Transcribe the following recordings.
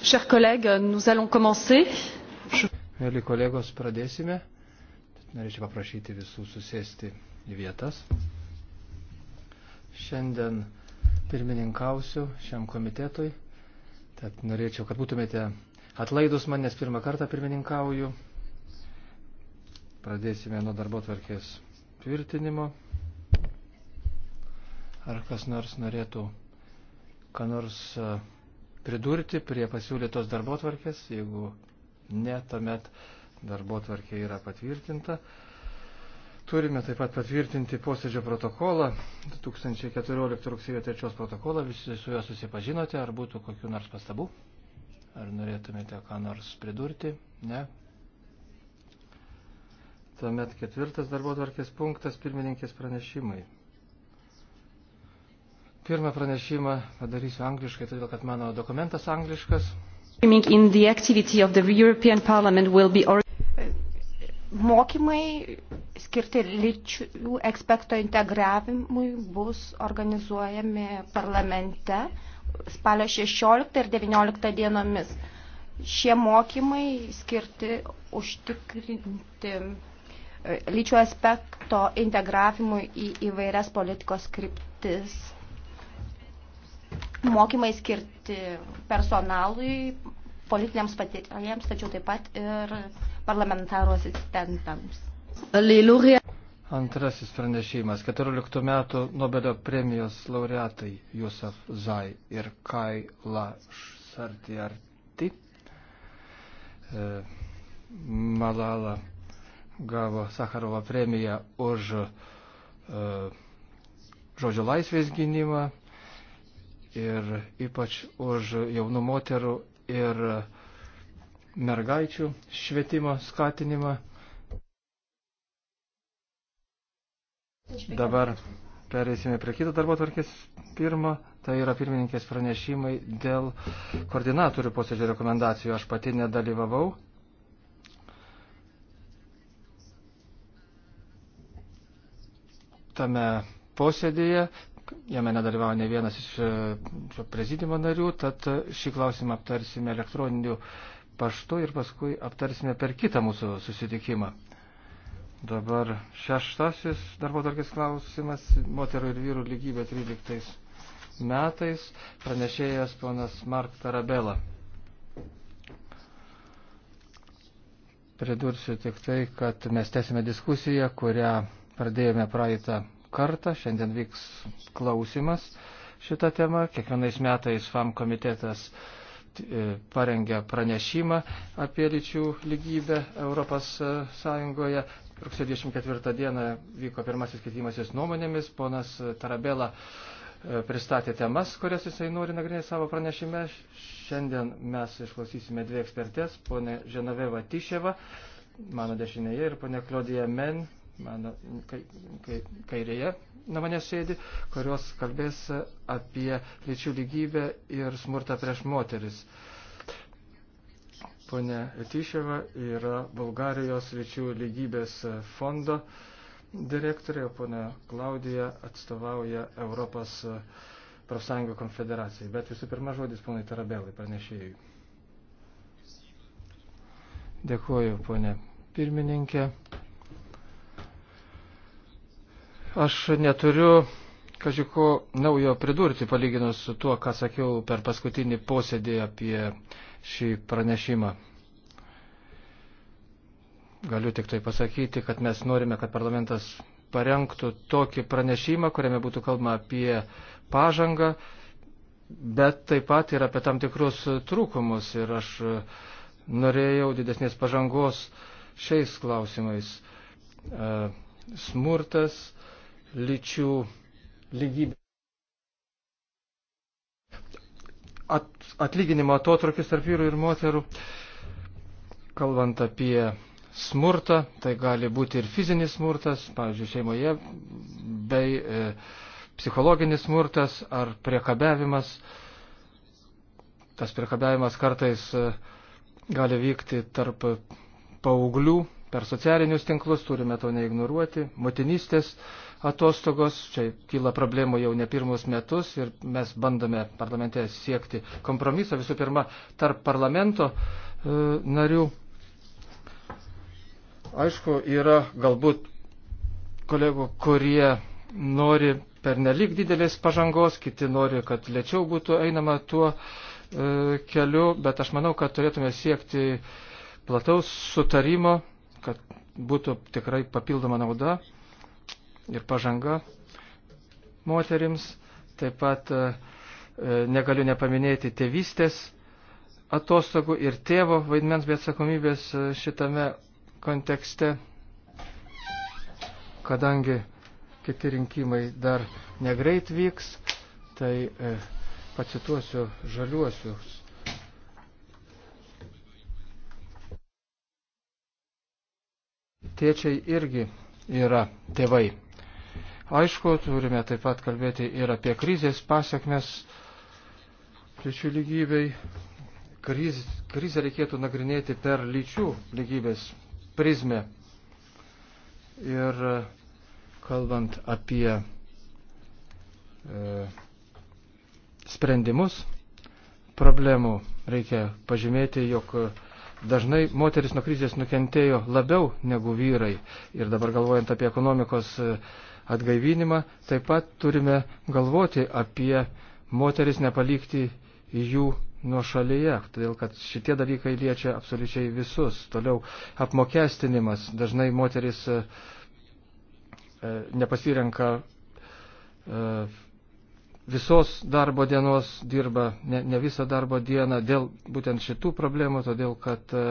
Chers collègues, nous allons commencer. Mėly kolegos, pradėsime. Norėčiau paprašyti visų susėsti į vietas. Šiandien pirmininkausiu šiam komitetui. Tad norėčiau, kad būtumėte atlaidus man, nes pirmą kartą pirmininkauju. Pradėsime nuo darbo tvarkės tvirtinimo. Ar kas nors norėtų ką nors e, pridurti prie pasiūlytos darbo tvarkės? Jeigu ne, tuomet darbo tvarkė yra patvirtinta. Turime taip pat patvirtinti posėdžio protokolą, 2014 rugsėjo 3 protokolą, visi su juo susipažinote, ar būtų kokiu nors pastabų, ar norėtumėte ką nors pridurti, ne. Tuomet ketvirtas darbo tvarkės punktas, pirmininkės pranešimai. Pirmą pranešimą padarysiu angliškai, todėl kad mano dokumentas angliškas. Be... Mokymai skirti lyčių ekspekto integravimui bus organizuojami parlamente spalio 16 ir 19 dienomis. Šie mokymai skirti užtikrinti e, lyčių aspekto integravimui į įvairias politikos kryptis mokymai skirti personalui, politiniams patirėjams, tačiau taip pat ir parlamentarų asistentams. Aleluja. Antrasis pranešimas. 14 metų Nobelio premijos laureatai Jusaf Zai ir Kaila Sartiarti. E, Malala gavo Sakarovo premiją už e, žodžio laisvės gynimą ir ypač už jaunų moterų ir mergaičių švietimo skatinimą. Dabar Pereisime prie kito darbo tvarkės pirmo, tai yra pirmininkės pranešimai dėl koordinatorių posėdžio rekomendacijų. Aš pati nedalyvavau. Tame posėdėje jame nedalyvavo ne vienas iš e, šio prezidimo narių, tad e, šį klausimą aptarsime elektroniniu paštu ir paskui aptarsime per kitą mūsų susitikimą. Dabar šeštasis darbo tarkis klausimas - moterų ir vyrų lygybė 13 metais, pranešėjas ponas Mark Tarabela. Pridursiu tik tai, kad mes tęsime diskusiją, kurią pradėjome praeitą kartą. Šiandien vyks klausimas šitą temą. Kiekvienais metais FAM komitetas e, parengia pranešimą apie lyčių lygybę Europos e, Sąjungoje. Rugsėjo 24 dieną vyko pirmasis keitimasis nuomonėmis. Ponas Tarabela e, pristatė temas, kurias jisai nori nagrinėti savo pranešime. Šiandien mes išklausysime dvi ekspertės, ponė Ženaveva Tiševa, mano dešinėje, ir ponė Klodija Men, mano kai, kai, kairėje nuo manęs sėdi, kurios kalbės apie lyčių lygybę ir smurtą prieš moteris. Pone Tiševa yra Bulgarijos lyčių lygybės fondo direktorė, pone Klaudija atstovauja Europos profsąjungų konfederacijai. Bet visų pirma žodis ponai Tarabelai pranešėjui. Dėkuoju, ponė pirmininkė. Aš neturiu kažko naujo pridurti palyginus su tuo, ką sakiau per paskutinį posėdį apie šį pranešimą. Galiu tik tai pasakyti, kad mes norime, kad parlamentas parengtų tokį pranešimą, kuriame būtų kalbama apie pažangą, bet taip pat ir apie tam tikrus trūkumus. Ir aš norėjau didesnės pažangos šiais klausimais. E, smurtas, lyčių lygybę. At, atlyginimo atotrukis tarp vyrų ir moterų, kalbant apie smurtą, tai gali būti ir fizinis smurtas, pavyzdžiui, šeimoje, bei e, psichologinis smurtas ar priekabiavimas. Tas priekabiavimas kartais e, gali vykti tarp paauglių per socialinius tinklus, turime to neignoruoti, motinystės atostogos, čia kyla problemų jau ne pirmus metus ir mes bandome parlamente siekti kompromiso visų pirma tarp parlamento e, narių. Aišku, yra galbūt kolegų, kurie nori per nelik didelės pažangos, kiti nori, kad lėčiau būtų einama tuo e, keliu, bet aš manau, kad turėtume siekti plataus sutarimo, kad būtų tikrai papildoma nauda ir pažanga moterims. Taip pat e, e, negaliu nepaminėti tėvystės atostogų ir tėvo vaidmens bei atsakomybės e, šitame kontekste, kadangi kiti rinkimai dar negreit vyks, tai e, pacituosiu žaliuosius. Tėčiai irgi yra tėvai. Aišku, turime taip pat kalbėti ir apie krizės pasiekmes lyčių lygybei. Kriz, krizę reikėtų nagrinėti per lyčių lygybės prizmę. Ir e, kalbant apie e, sprendimus problemų, reikia pažymėti, jog dažnai moteris nuo krizės nukentėjo labiau negu vyrai. Ir dabar galvojant apie ekonomikos e, atgaivinimą, taip pat turime galvoti apie moteris nepalikti jų nuo šalyje, todėl kad šitie dalykai liečia absoliučiai visus. Toliau apmokestinimas. Dažnai moteris e, e, nepasirenka e, visos darbo dienos, dirba ne, ne visą darbo dieną dėl būtent šitų problemų, todėl kad e,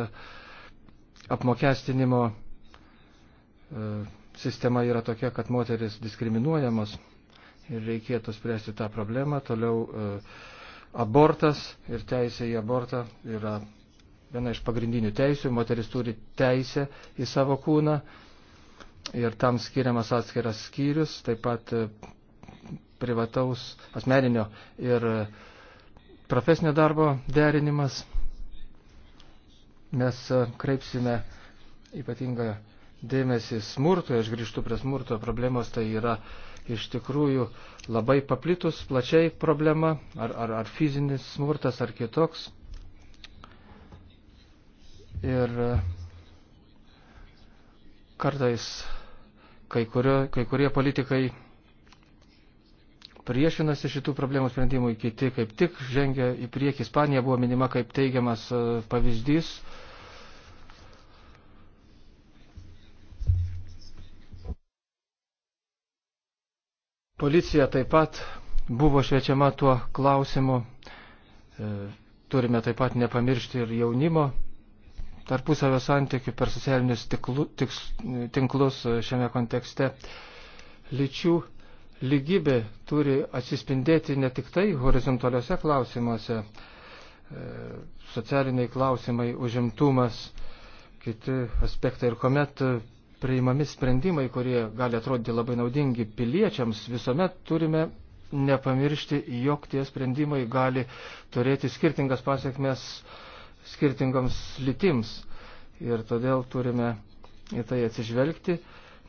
apmokestinimo e, sistema yra tokia, kad moteris diskriminuojamos ir reikėtų spręsti tą problemą. Toliau e, abortas ir teisė į abortą yra viena iš pagrindinių teisių. Moteris turi teisę į savo kūną ir tam skiriamas atskiras skyrius, taip pat e, privataus asmeninio ir e, profesinio darbo derinimas. Mes kreipsime ypatingą dėmesį smurtui, aš grįžtu prie smurto problemos, tai yra iš tikrųjų labai paplitus plačiai problema, ar, ar, ar fizinis smurtas, ar kitoks. Ir kartais kai, kurio, kai kurie politikai priešinasi šitų problemų sprendimui, kiti kaip tik žengia į priekį. Ispanija buvo minima kaip teigiamas e, pavyzdys. Uh, Policija taip pat buvo šviečiama tuo klausimu. E, turime taip pat nepamiršti ir jaunimo tarpusavio santykių per socialinius tiklu, tiks, tinklus šiame kontekste. Lyčių lygybė turi atsispindėti ne tik tai horizontaliuose klausimuose, e, socialiniai klausimai, užimtumas, kiti aspektai. Ir kuomet priimami sprendimai, kurie gali atrodyti labai naudingi piliečiams, visuomet turime nepamiršti, jog tie sprendimai gali turėti skirtingas pasiekmes skirtingoms lytims. Ir todėl turime į tai atsižvelgti.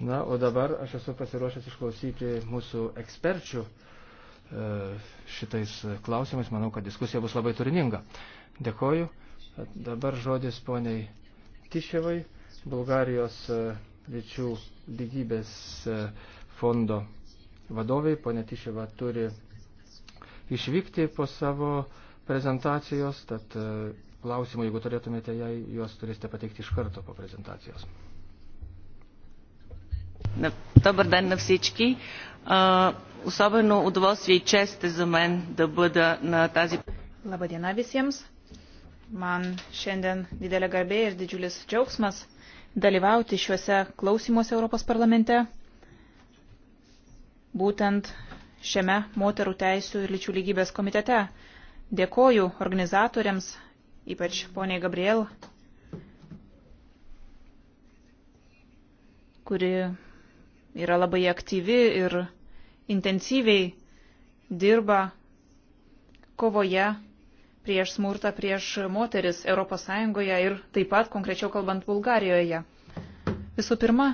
Na, o dabar aš esu pasiruošęs išklausyti mūsų eksperčių e, šitais klausimais. Manau, kad diskusija bus labai turininga. Dėkoju. Dabar žodis poniai Tiševai, Bulgarijos e, lyčių lygybės e, fondo vadoviai, ponė Tiševa turi išvykti po savo prezentacijos, tad e, klausimų, jeigu turėtumėte jai, juos turėsite pateikti iš karto po prezentacijos. Добър ден на всички! Особено удоволствие и чест е за мен да бъда на тази... Labadiena visiems. Man šiandien didelė garbė ir didžiulis džiaugsmas dalyvauti šiuose klausimuose Europos parlamente, būtent šiame moterų teisų ir lyčių lygybės komitete. Dėkoju organizatoriams, ypač poniai Gabriel, kuri yra labai aktyvi ir intensyviai dirba kovoje prieš smurtą prieš moteris ES ir taip pat konkrečiau kalbant Bulgarijoje. Visų pirma,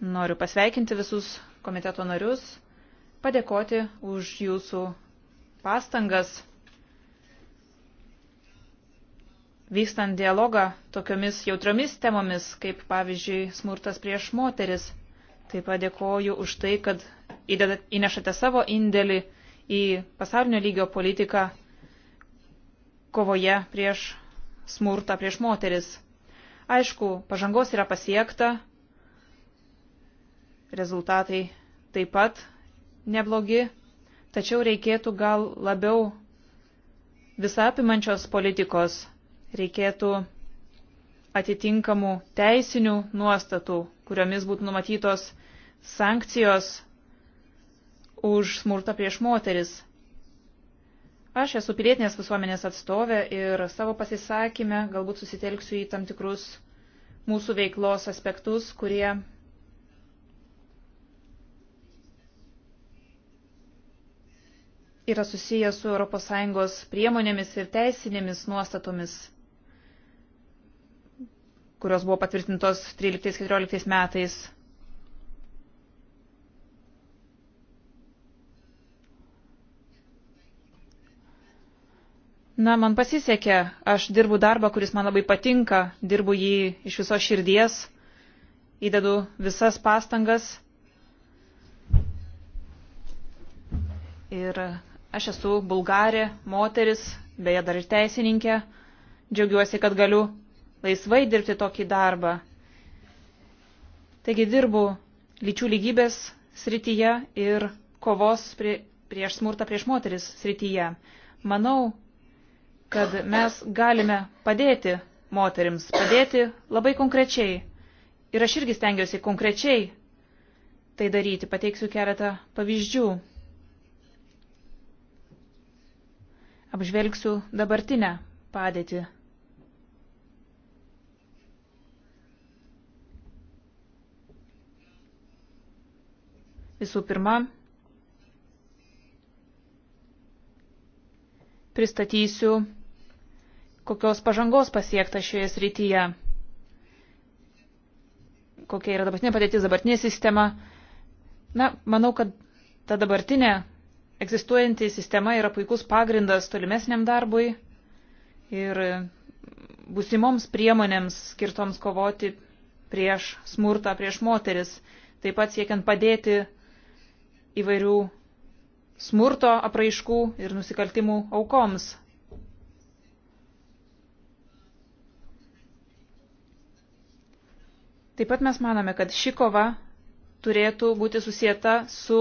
noriu pasveikinti visus komiteto narius, padėkoti už jūsų pastangas vykstant dialogą tokiomis jautriomis temomis, kaip pavyzdžiui smurtas prieš moteris. Taip pat dėkoju už tai, kad įnešate savo indėlį į pasaulinio lygio politiką kovoje prieš smurtą prieš moteris. Aišku, pažangos yra pasiekta, rezultatai taip pat neblogi, tačiau reikėtų gal labiau visapimančios politikos, reikėtų atitinkamų teisinių nuostatų, kuriomis būtų numatytos sankcijos už smurtą prieš moteris. Aš esu pilietinės visuomenės atstovė ir savo pasisakymę galbūt susitelksiu į tam tikrus mūsų veiklos aspektus, kurie yra susijęs su ES priemonėmis ir teisinėmis nuostatomis, kurios buvo patvirtintos 13-14 metais. Na, man pasisekė, aš dirbu darbą, kuris man labai patinka, dirbu jį iš viso širdies, įdedu visas pastangas. Ir aš esu bulgarė, moteris, beje dar ir teisininkė. Džiaugiuosi, kad galiu laisvai dirbti tokį darbą. Taigi dirbu lyčių lygybės srityje ir kovos prie, prieš smurtą prieš moteris srityje. Manau, kad mes galime padėti moterims, padėti labai konkrečiai. Ir aš irgi stengiuosi konkrečiai tai daryti. Pateiksiu keletą pavyzdžių. Apžvelgsiu dabartinę padėtį. Visų pirma, pristatysiu kokios pažangos pasiekta šioje srityje, kokia yra dabartinė padėtis, dabartinė sistema. Na, manau, kad ta dabartinė egzistuojanti sistema yra puikus pagrindas tolimesniam darbui ir busimoms priemonėms skirtoms kovoti prieš smurtą, prieš moteris, taip pat siekiant padėti įvairių smurto apraiškų ir nusikaltimų aukoms. Taip pat mes manome, kad ši kova turėtų būti susijęta su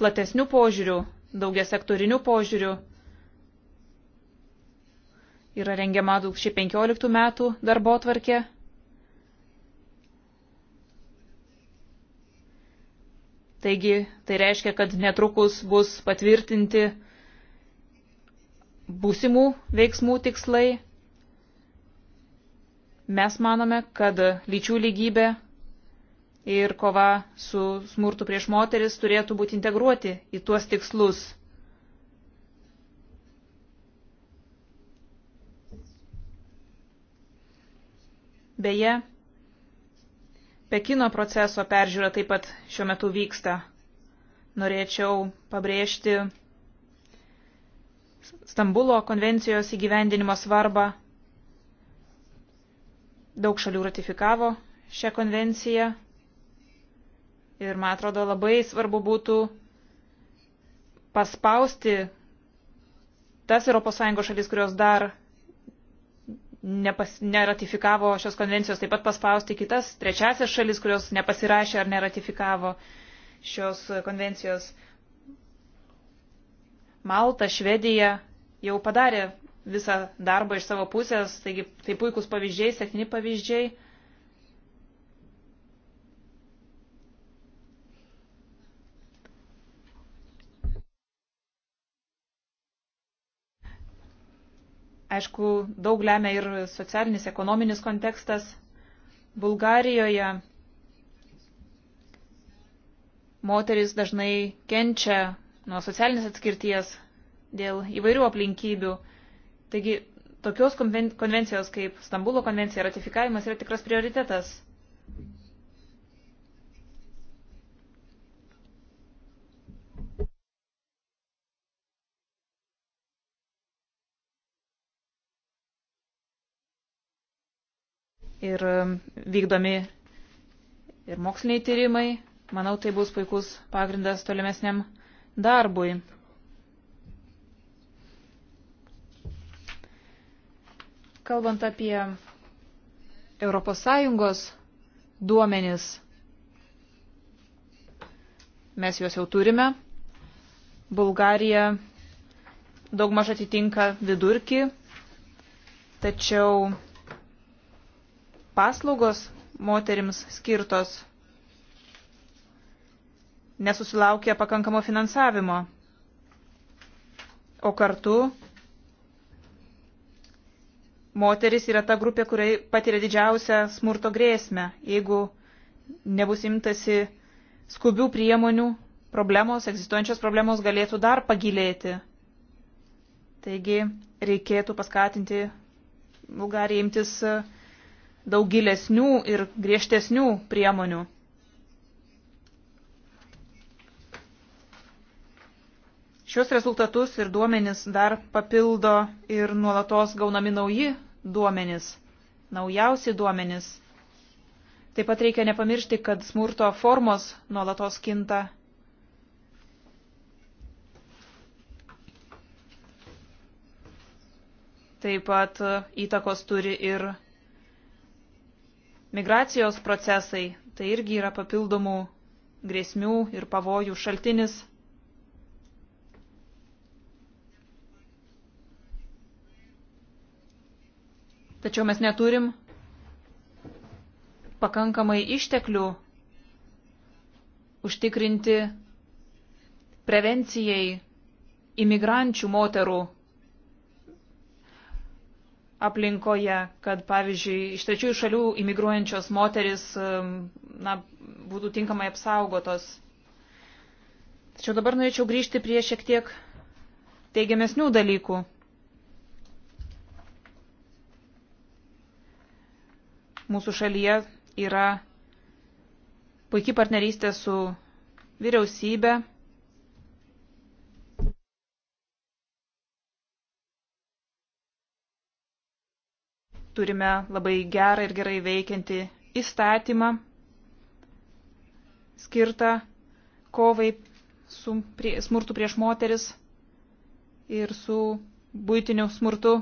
platesniu požiūriu, daugia sektoriniu požiūriu. Yra rengiama 2015 metų darbo tvarkė. Taigi tai reiškia, kad netrukus bus patvirtinti būsimų veiksmų tikslai Mes manome, kad lyčių lygybė ir kova su smurtu prieš moteris turėtų būti integruoti į tuos tikslus. Beje, Pekino proceso peržiūra taip pat šiuo metu vyksta. Norėčiau pabrėžti Stambulo konvencijos įgyvendinimo svarbą Daug šalių ratifikavo šią konvenciją ir, man atrodo, labai svarbu būtų paspausti tas ES šalis, kurios dar nepas, neratifikavo šios konvencijos, taip pat paspausti kitas trečiasias šalis, kurios nepasirašė ar neratifikavo šios konvencijos. Malta, Švedija jau padarė visą darbą iš savo pusės, taigi tai puikus pavyzdžiai, sėkni pavyzdžiai. Aišku, daug lemia ir socialinis, ekonominis kontekstas. Bulgarijoje moteris dažnai kenčia nuo socialinės atskirties dėl įvairių aplinkybių. Taigi, tokios konvencijos kaip Stambulo konvencija ratifikavimas yra tikras prioritetas. Ir um, vykdomi ir moksliniai tyrimai, manau, tai bus puikus pagrindas tolimesniam darbui. Kalbant apie ES duomenis, mes juos jau turime. Bulgarija daugmaž atitinka vidurkį, tačiau paslaugos moterims skirtos nesusilaukia pakankamo finansavimo. O kartu moteris yra ta grupė, kuriai patiria didžiausią smurto grėsmę. Jeigu nebus imtasi skubių priemonių, problemos, egzistuojančios problemos galėtų dar pagilėti. Taigi reikėtų paskatinti Bulgariją imtis daug gilesnių ir griežtesnių priemonių. Šios rezultatus ir duomenis dar papildo ir nuolatos gaunami nauji duomenis, naujausi duomenis. Taip pat reikia nepamiršti, kad smurto formos nuolatos kinta. Taip pat įtakos turi ir migracijos procesai, tai irgi yra papildomų grėsmių ir pavojų šaltinis. Tačiau mes neturim pakankamai išteklių užtikrinti prevencijai imigrančių moterų aplinkoje, kad pavyzdžiui iš trečiųjų šalių imigruojančios moteris um, na, būtų tinkamai apsaugotos. Tačiau dabar norėčiau grįžti prie šiek tiek teigiamesnių dalykų. mūsų šalyje yra puikiai partnerystė su vyriausybė. Turime labai gerą ir gerai veikiantį įstatymą skirtą kovai su prie, smurtu prieš moteris ir su būtiniu smurtu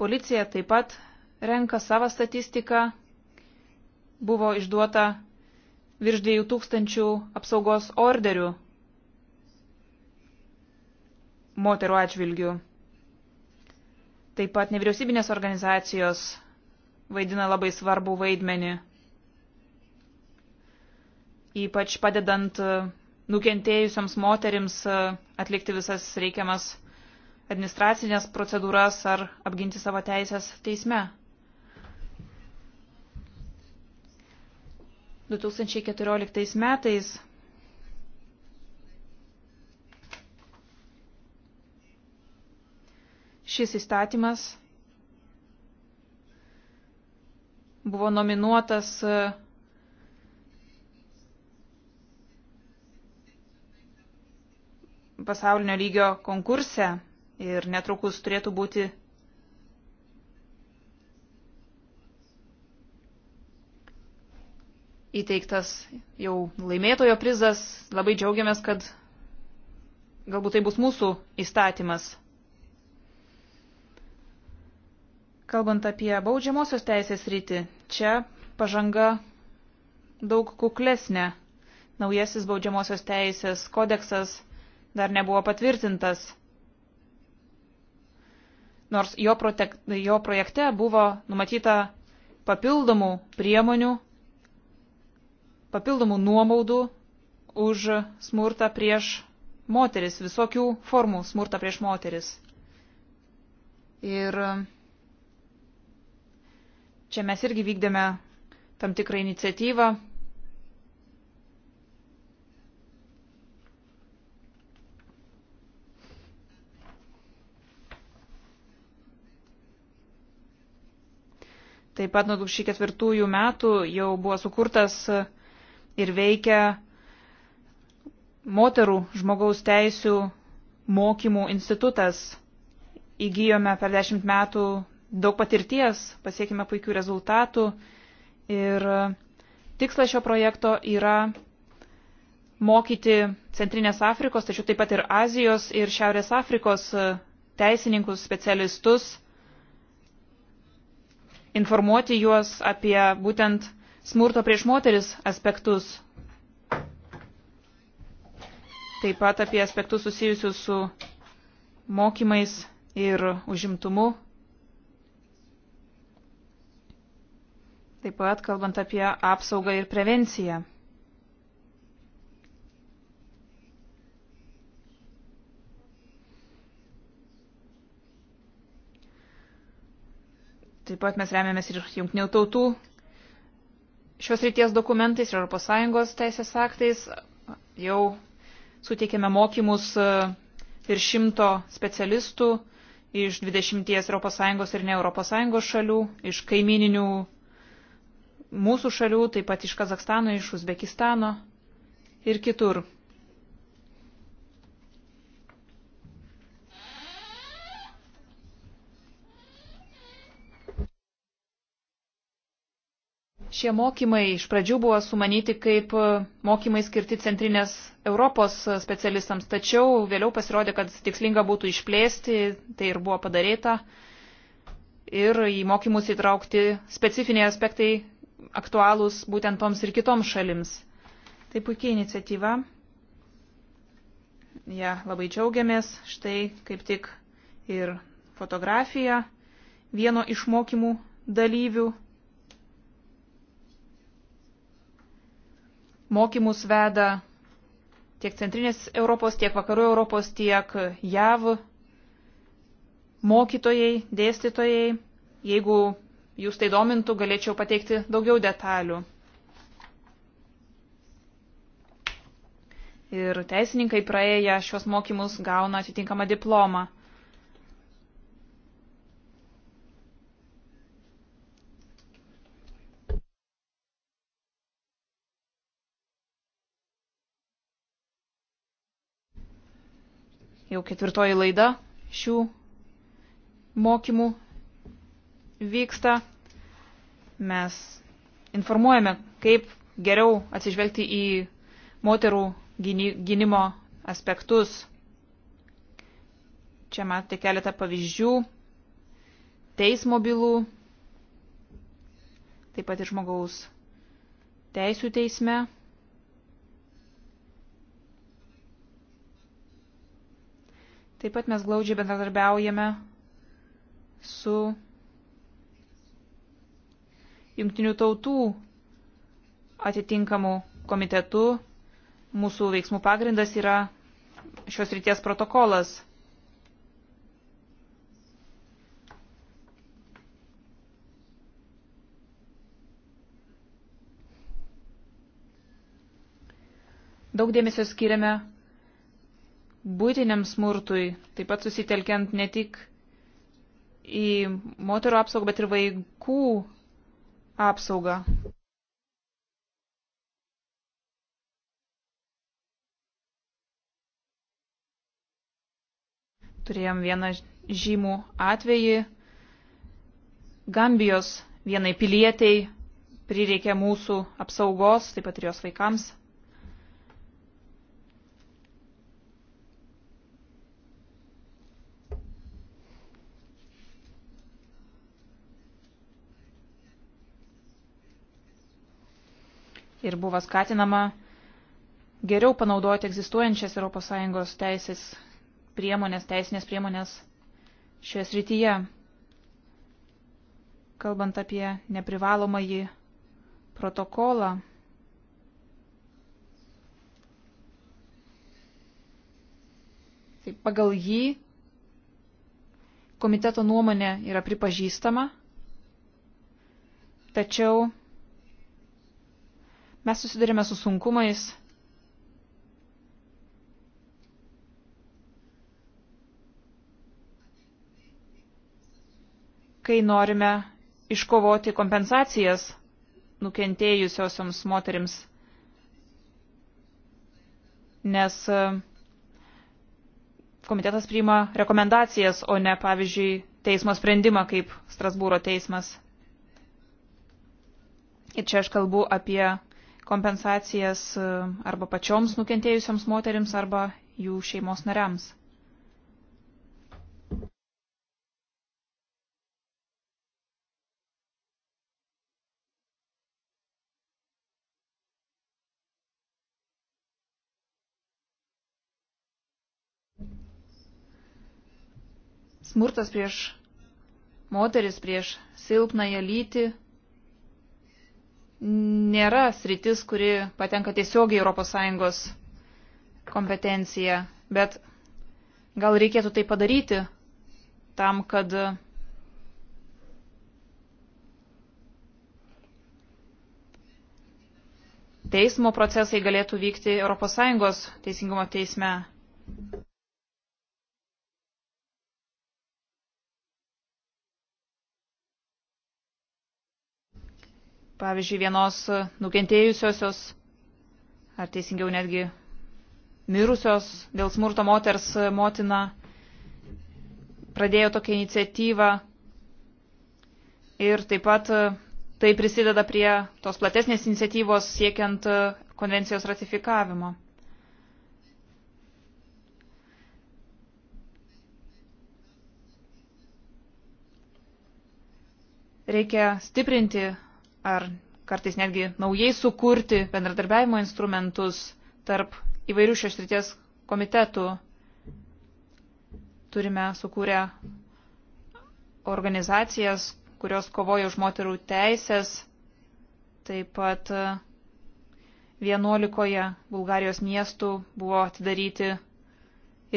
Policija taip pat renka savo statistiką. Buvo išduota virš 2000 apsaugos orderių moterų atžvilgių. Taip pat nevyriausybinės organizacijos vaidina labai svarbų vaidmenį, ypač padedant nukentėjusiams moterims atlikti visas reikiamas administracinės procedūras ar apginti savo teisės teisme. 2014 metais šis įstatymas buvo nominuotas uh, pasaulinio lygio konkurse ir netrukus turėtų būti įteiktas jau laimėtojo prizas. Labai džiaugiamės, kad galbūt tai bus mūsų įstatymas. Kalbant apie baudžiamosios teisės rytį, čia pažanga daug kuklesnė. Naujasis baudžiamosios teisės kodeksas dar nebuvo patvirtintas nors jo, protek, jo projekte buvo numatyta papildomų priemonių, papildomų nuomaudų už smurtą prieš moteris, visokių formų smurtą prieš moteris. Ir e, čia mes irgi vykdėme tam tikrą iniciatyvą, Taip pat nuo 2004 metų jau buvo sukurtas ir veikia moterų žmogaus teisių mokymų institutas. Įgyjome per dešimt metų daug patirties, pasiekime puikių rezultatų ir tikslas šio projekto yra mokyti Centrinės Afrikos, tačiau taip pat ir Azijos ir Šiaurės Afrikos teisininkus, specialistus informuoti juos apie būtent smurto prieš moteris aspektus, taip pat apie aspektus susijusius su mokymais ir užimtumu. Taip pat kalbant apie apsaugą ir prevenciją. Taip pat mes remiamės ir jungtinių tautų šios ryties dokumentais ir ES teisės aktais. Jau suteikėme mokymus e, ir šimto specialistų iš 20 ES ir ne ES šalių, iš kaimininių mūsų šalių, taip pat iš Kazakstano, iš Uzbekistano ir kitur. Šie mokymai iš pradžių buvo sumanyti kaip e, mokymai skirti centrinės Europos e, specialistams, tačiau vėliau pasirodė, kad tikslinga būtų išplėsti, tai ir buvo padaryta, ir į mokymus įtraukti specifiniai aspektai aktualūs būtent toms ir kitoms šalims. Tai puikiai iniciatyva. Ja, labai džiaugiamės. Štai kaip tik ir fotografija vieno iš mokymų dalyvių Mokymus veda tiek centrinės Europos, tiek vakarų Europos, tiek JAV mokytojai, dėstytojai. Jeigu jūs tai domintų, galėčiau pateikti daugiau detalių. Ir teisininkai praėję šios mokymus gauna atitinkamą diplomą. jau ketvirtoji laida šių mokymų vyksta. Mes informuojame, kaip geriau atsižvelgti į moterų gynimo aspektus. Čia matote keletą pavyzdžių, teismo bylų, taip pat ir žmogaus teisų teisme. Taip pat mes glaudžiai bendradarbiaujame su jungtinių tautų atitinkamų komitetų. Mūsų veiksmų pagrindas yra šios ryties protokolas. Daug dėmesio skiriame būtiniam smurtui, taip pat susitelkiant ne tik į moterų apsaugą, bet ir vaikų apsaugą. Turėjom vieną žymų atvejį. Gambijos vienai pilietiai prireikė mūsų apsaugos, taip pat ir jos vaikams. ir buvo skatinama geriau panaudoti egzistuojančias ES teisės priemonės, teisinės priemonės šioje srityje. Kalbant apie neprivalomąjį protokolą, tai pagal jį komiteto nuomonė yra pripažįstama, tačiau Mes susidurime su sunkumais. kai norime iškovoti kompensacijas nukentėjusiosioms moterims, nes e, komitetas priima rekomendacijas, o ne, pavyzdžiui, teismo sprendimą kaip Strasbūro teismas. Ir čia aš kalbu apie kompensacijas e, arba pačioms nukentėjusiams moterims arba jų šeimos nariams. Smurtas prieš moteris, prieš silpnąją lytį nėra sritis, kuri patenka tiesiogiai ES kompetencija, bet gal reikėtų tai padaryti tam, kad teismo procesai galėtų vykti ES teisingumo teisme. pavyzdžiui, vienos nukentėjusiosios, ar teisingiau netgi mirusios dėl smurto moters motina, pradėjo tokią iniciatyvą ir taip pat e, tai prisideda prie tos platesnės iniciatyvos siekiant e, konvencijos ratifikavimo. Reikia stiprinti ar kartais netgi naujai sukurti bendradarbiavimo instrumentus tarp įvairių šios ryties komitetų. Turime sukūrę organizacijas, kurios kovoja už moterų teisės, taip pat 11 Bulgarijos miestų buvo atidaryti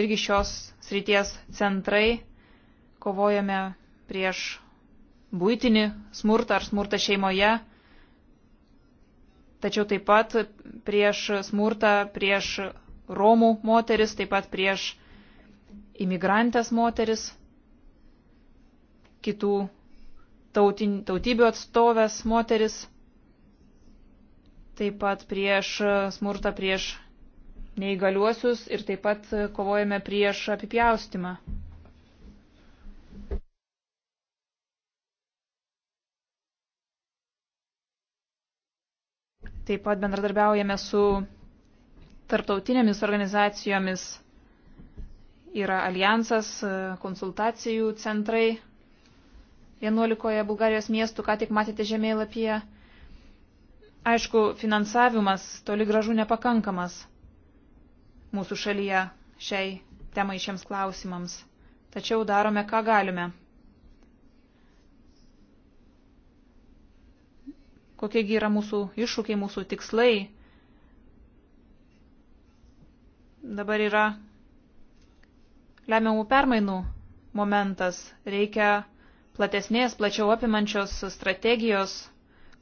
irgi šios srities centrai. Kovojame prieš būtinį smurtą ar smurtą šeimoje, tačiau taip pat prieš smurtą prieš Romų moteris, taip pat prieš imigrantės moteris, kitų tautin, tautybių atstovės moteris, taip pat prieš smurtą prieš neįgaliuosius ir taip pat kovojame prieš apipjaustimą. Taip pat bendradarbiaujame su tarptautinėmis organizacijomis. Yra alijansas, konsultacijų centrai 11 Bulgarijos miestų, ką tik matėte žemėlapyje. Aišku, finansavimas toli gražu nepakankamas mūsų šalyje šiai temai šiems klausimams. Tačiau darome, ką galime. kokiegi yra mūsų iššūkiai, mūsų tikslai. Dabar yra lemiamų permainų momentas. Reikia platesnės, plačiau apimančios strategijos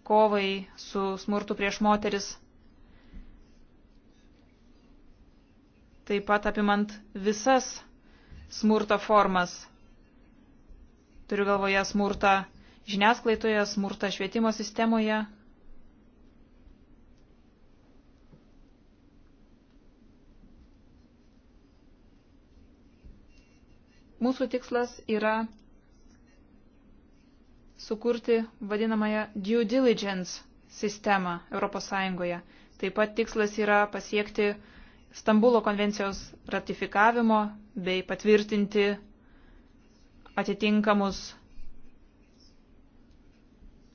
kovai su smurtu prieš moteris. Taip pat apimant visas smurto formas. Turiu galvoje smurtą žiniasklaidoje, smurtą švietimo sistemoje. Mūsų tikslas yra sukurti vadinamąją due diligence sistemą ES. Taip pat tikslas yra pasiekti Stambulo konvencijos ratifikavimo bei patvirtinti atitinkamus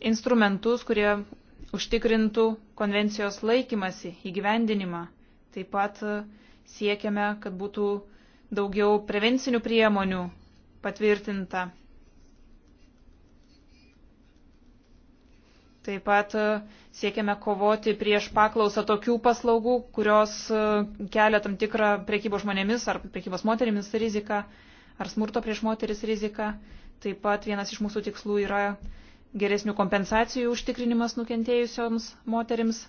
instrumentus, kurie užtikrintų konvencijos laikymasi, įgyvendinimą. Taip pat e, siekiame, kad būtų daugiau prevencinių priemonių patvirtinta. Taip pat e, siekiame kovoti prieš paklausą tokių paslaugų, kurios e, kelia tam tikrą priekybos žmonėmis ar priekybos moterimis riziką ar smurto prieš moteris riziką. Taip pat vienas iš mūsų tikslų yra geresnių kompensacijų užtikrinimas nukentėjusioms moterims.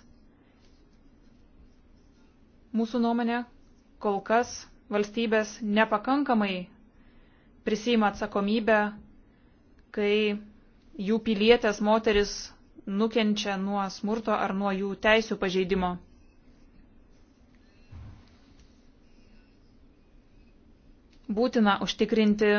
Mūsų nuomonė, kol kas valstybės nepakankamai prisima atsakomybę, kai jų pilietės moteris nukenčia nuo smurto ar nuo jų teisų pažeidimo. Būtina užtikrinti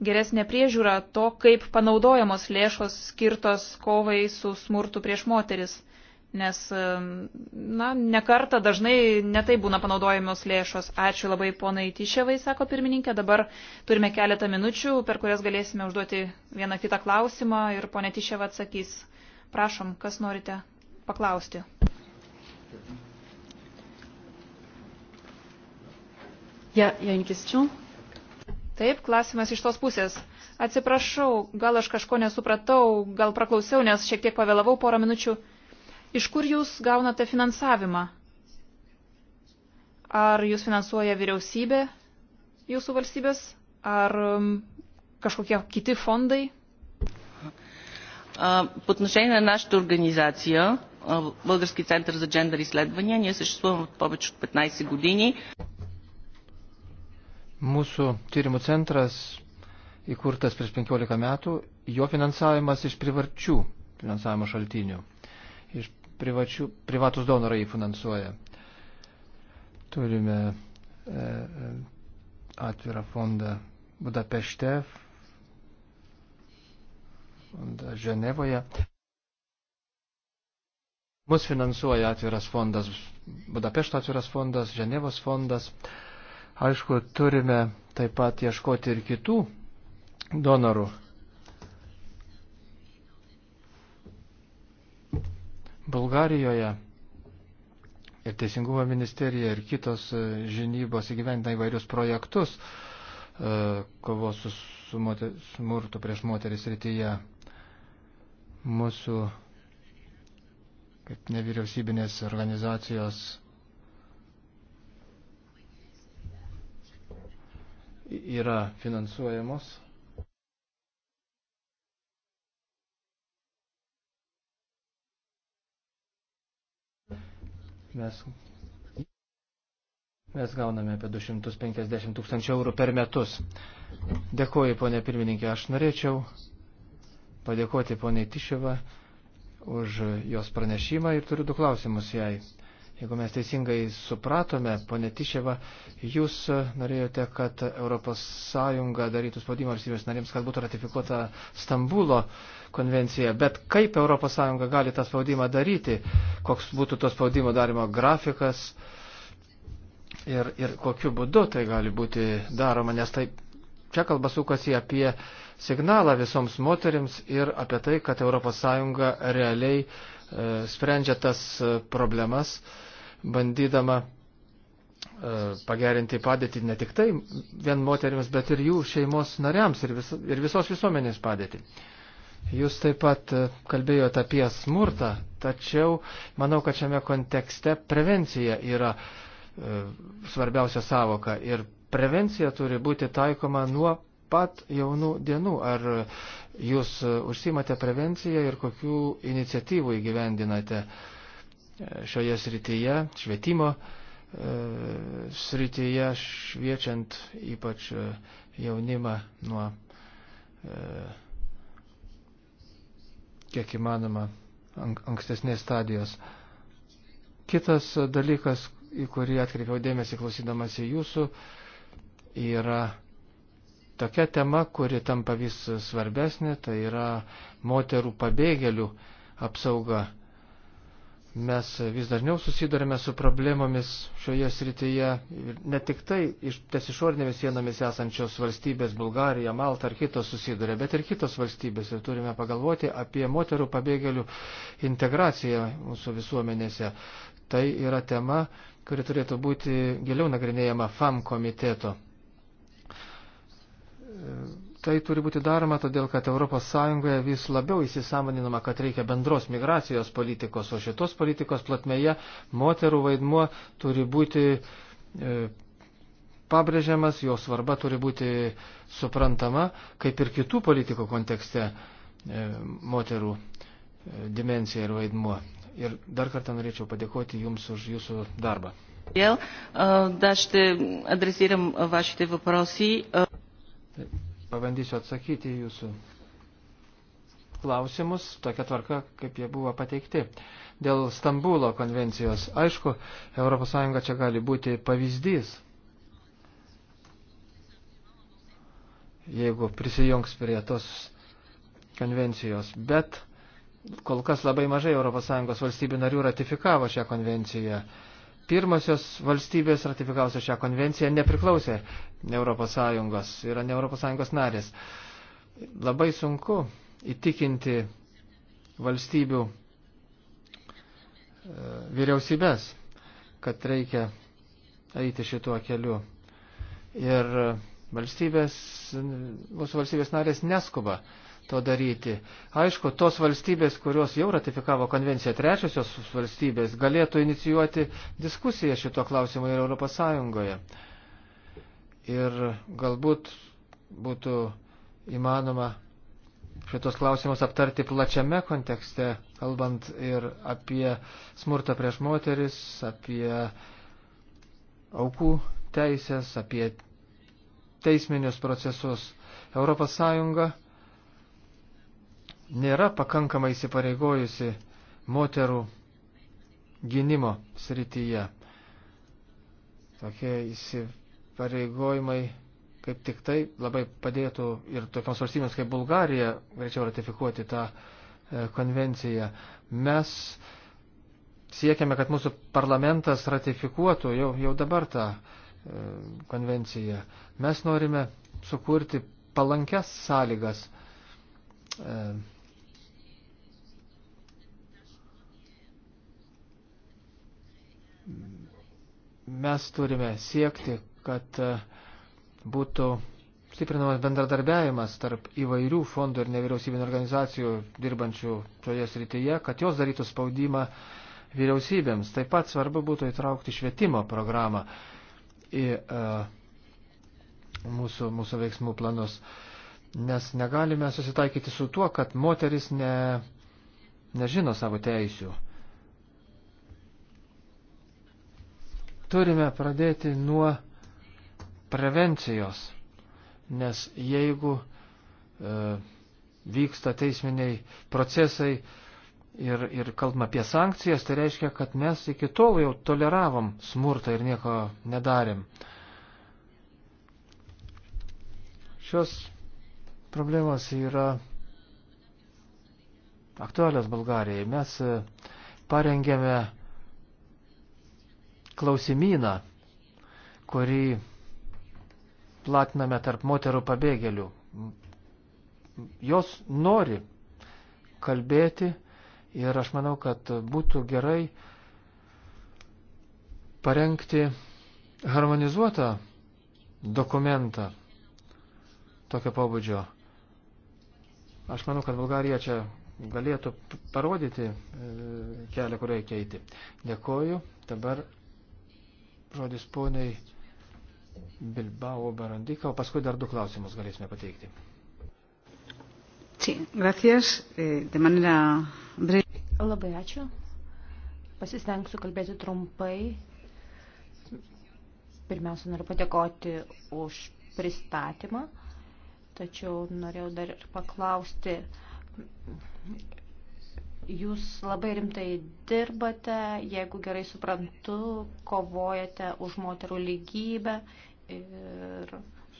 geresnė priežiūra to, kaip panaudojamos lėšos skirtos kovai su smurtu prieš moteris. Nes, na, nekarta dažnai netai būna panaudojamos lėšos. Ačiū labai ponai Tyšėvai, sako pirmininkė. Dabar turime keletą minučių, per kurias galėsime užduoti vieną kitą klausimą ir ponė Tyšėva atsakys. Prašom, kas norite paklausti. Ja, il y a une question. Taip, klausimas iš tos pusės. Atsiprašau, gal aš kažko nesupratau, gal praklausiau, nes šiek tiek pavėlavau porą minučių. Iš kur jūs gaunate finansavimą? Ar jūs finansuoja vyriausybė jūsų valstybės, ar um, kažkokie kiti fondai? По отношение на нашата организация, Български център за джендър изследвания, ние съществуваме повече от 15 години. Mūsų tyrimų centras įkurtas prieš 15 metų, jo finansavimas iš privarčių finansavimo šaltinių. Iš privačių, privatus donorai jį finansuoja. Turime e, e, atvirą fondą Budapešte, fondą Ženevoje. Mus finansuoja atviras fondas, Budapešto atviras fondas, Ženevos fondas. E, Aišku, turime taip pat ieškoti ir kitų donorų. Bulgarijoje ir Teisingumo ministerija ir kitos e, žinybos įgyvendina įvairius projektus e, kovos su smurtu prieš moteris rytyje. Mūsų kaip nevyriausybinės organizacijos yra finansuojamos. Mes, mes gauname apie 250 tūkstančių eurų per metus. Dėkuoju, ponė pirmininkė, aš norėčiau padėkoti ponė Tiševa už jos pranešimą ir turiu du klausimus jai. Jeigu mes teisingai supratome, ponė Tiševa, jūs norėjote, kad ES darytų spaudimą valstybės narėms, kad būtų ratifikuota Stambulo konvencija. Bet kaip ES gali tą spaudimą daryti? Koks būtų to spaudimo darimo grafikas? Ir, ir kokiu būdu tai gali būti daroma, nes tai čia kalba sukasi apie signalą visoms moteriams ir apie tai, kad ES realiai E, sprendžia tas e, problemas, bandydama e, pagerinti padėtį ne tik tai vien moteriams, bet ir jų šeimos nariams ir, vis, ir visos visuomenės padėtį. Jūs taip pat kalbėjote apie smurtą, tačiau manau, kad šiame kontekste prevencija yra e, svarbiausia savoka ir prevencija turi būti taikoma nuo pat jaunų dienų. Ar jūs užsimate prevenciją ir kokių iniciatyvų įgyvendinate e, šioje srityje, švietimo e, srityje, šviečiant ypač e, jaunimą nuo kiek įmanoma ankstesnės stadijos. Kitas dalykas, į kurį atkreipiau dėmesį klausydamas į jūsų, yra tokia tema, kuri tampa vis svarbesnė, tai yra moterų pabėgėlių apsauga. Mes vis dažniau susidurime su problemomis šioje srityje, ne tik tai iš ties išorinėmis sienomis esančios valstybės, Bulgarija, Malta ar kitos susiduria, bet ir kitos valstybės ir turime pagalvoti apie moterų pabėgėlių integraciją mūsų visuomenėse. Tai yra tema, kuri turėtų būti giliau nagrinėjama FAM komiteto Tai turi būti daroma todėl, kad ES vis labiau įsisamoninama, kad reikia bendros migracijos politikos, o šitos politikos platmeje moterų vaidmuo turi būti e, pabrėžiamas, jo svarba turi būti suprantama, kaip ir kitų politikų kontekste e, moterų e, dimensija ir vaidmuo. Ir dar kartą norėčiau padėkoti Jums už Jūsų darbą. Да, ще адресирам вашите въпроси. Taip, pabandysiu atsakyti jūsų klausimus, tokia tvarka, kaip jie buvo pateikti. Dėl Stambulo konvencijos, aišku, ES čia gali būti pavyzdys, jeigu prisijungs prie tos konvencijos. Bet kol kas labai mažai ES valstybių narių ratifikavo šią konvenciją pirmasios valstybės ratifikavusios šią konvenciją nepriklausė Europos Sąjungos, yra ne Europos Sąjungos narės. Labai sunku įtikinti valstybių e, vyriausybės, kad reikia eiti šituo keliu. Ir valstybės, mūsų valstybės narės neskuba to daryti. Aišku, tos valstybės, kurios jau ratifikavo konvenciją, trečiosios valstybės, galėtų inicijuoti diskusiją šito klausimo ir Europos Sąjungoje. Ir galbūt būtų įmanoma šitos klausimus aptarti plačiame kontekste, kalbant ir apie smurtą prieš moteris, apie aukų teisės, apie teisminius procesus. Europos Sąjunga nėra pakankamai įsipareigojusi moterų gynimo srityje. Tokie įsipareigojimai kaip tik tai labai padėtų ir tokioms valstybėms kaip Bulgarija greičiau ratifikuoti tą e, konvenciją. Mes siekiame, kad mūsų parlamentas ratifikuotų jau, jau dabar tą e, konvenciją. Mes norime sukurti palankias sąlygas e, mes turime siekti, kad e, būtų stiprinamas bendradarbiavimas tarp įvairių fondų ir nevyriausybinio organizacijų dirbančių šioje srityje, kad jos darytų spaudimą vyriausybėms. Taip pat svarbu būtų įtraukti švietimo programą į uh, mūsų, mūsų veiksmų planus, nes negalime susitaikyti su tuo, kad moteris ne, nežino savo teisių. turime pradėti nuo prevencijos, nes jeigu e, vyksta teisminiai procesai ir, ir kalbame apie sankcijas, tai reiškia, kad mes iki tol jau toleravom smurtą ir nieko nedarėm. Šios problemos yra aktualios Bulgarijai. Mes e, parengėme klausimyną, kurį platiname tarp moterų pabėgėlių. Jos nori kalbėti ir aš manau, kad būtų gerai parengti harmonizuotą dokumentą tokio pobūdžio. Aš manau, kad Bulgarija čia galėtų parodyti e, kelią, kur reikia eiti. Dėkoju. Dabar žodis poniai Bilbao Barandika, o paskui dar du klausimus galėsime pateikti. Sí, gracias. Eh, de manera breve. Labai ačiū. Pasistengsiu kalbėti trumpai. Pirmiausia, noriu padėkoti už pristatymą, tačiau norėjau dar ir paklausti, Jūs labai rimtai dirbate, jeigu gerai suprantu, kovojate už moterų lygybę ir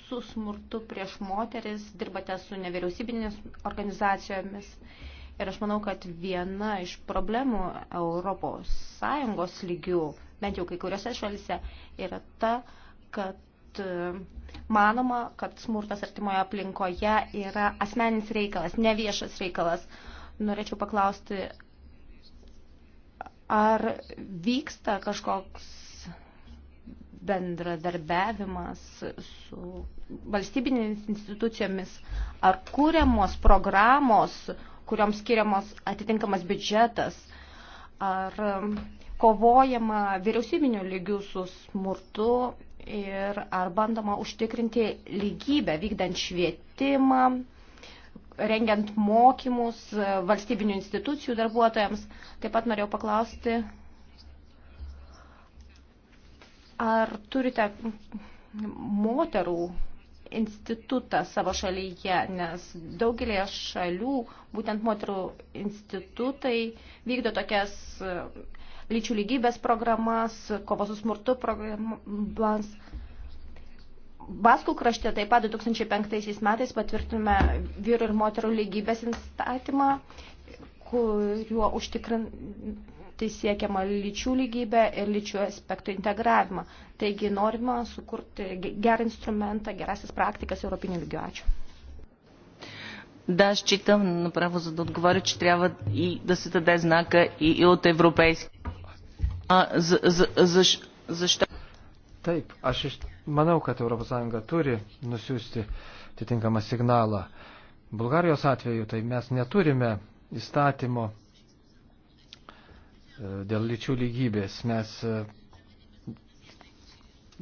su smurtu prieš moteris, dirbate su nevyriausybinėmis organizacijomis. Ir aš manau, kad viena iš problemų Europos Sąjungos lygių, bent jau kai kuriuose šalise, yra ta, kad e, manoma, kad smurtas artimoje aplinkoje yra asmeninis reikalas, ne viešas reikalas. Uh, norėčiau paklausti, ar vyksta kažkoks bendradarbiavimas su valstybinėmis institucijomis, ar kūriamos programos, kurioms skiriamos atitinkamas biudžetas, ar kovojama vyriausybinių lygių su smurtu ir ar bandoma užtikrinti lygybę vykdant švietimą, rengiant mokymus e, valstybinių institucijų darbuotojams. Taip pat norėjau paklausti, ar turite moterų institutą savo šalyje, nes daugelėje šalių būtent moterų institutai vykdo tokias e, lyčių lygybės programas, kovos su smurtu programas. Baskų krašte taip pat 2005 metais patvirtume vyrų ir moterų lygybės įstatymą, kuriuo užtikrinti siekiama lyčių lygybę ir lyčių aspektų integravimą. Taigi norima sukurti gerą instrumentą, gerasis praktikas europinių lygių. Ačiū. Да, считам направо, за да отговоря, че трябва и да се даде знака и, и от европейски. А, за, за, за, защо? Taip, aš iš Manau, kad ES turi nusiųsti atitinkamą signalą. Bulgarijos atveju tai mes neturime įstatymo e, dėl lyčių lygybės. Mes e,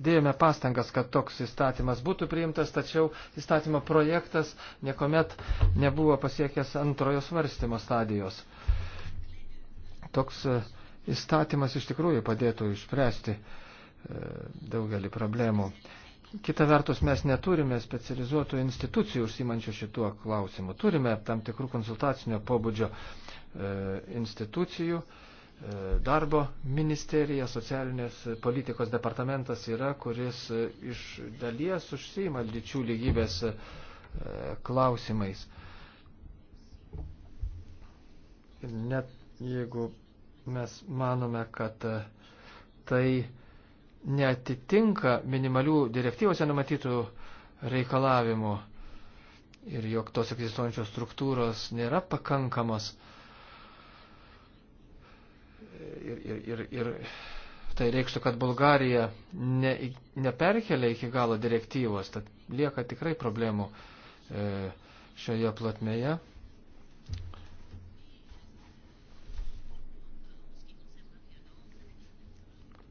dėjome pastangas, kad toks įstatymas būtų priimtas, tačiau įstatymo projektas niekuomet nebuvo pasiekęs antrojo svarstymo stadijos. Toks e, įstatymas iš tikrųjų padėtų išspręsti uh, daugelį problemų. Kita vertus, mes neturime specializuotų institucijų užsimančių šituo klausimu. Turime tam tikrų konsultacinio pobūdžio e, institucijų, e, darbo ministerija, socialinės politikos departamentas yra, kuris e, iš dalies užsima lyčių lygybės klausimais. Net jeigu mes manome, kad tai netitinka minimalių direktyvose numatytų reikalavimų ir jog tos egzistuojančios struktūros nėra pakankamos. Ir, ir, ir, ir tai reikštų, kad Bulgarija ne, neperkelia iki galo direktyvos, tad lieka tikrai problemų e, šioje platmėje.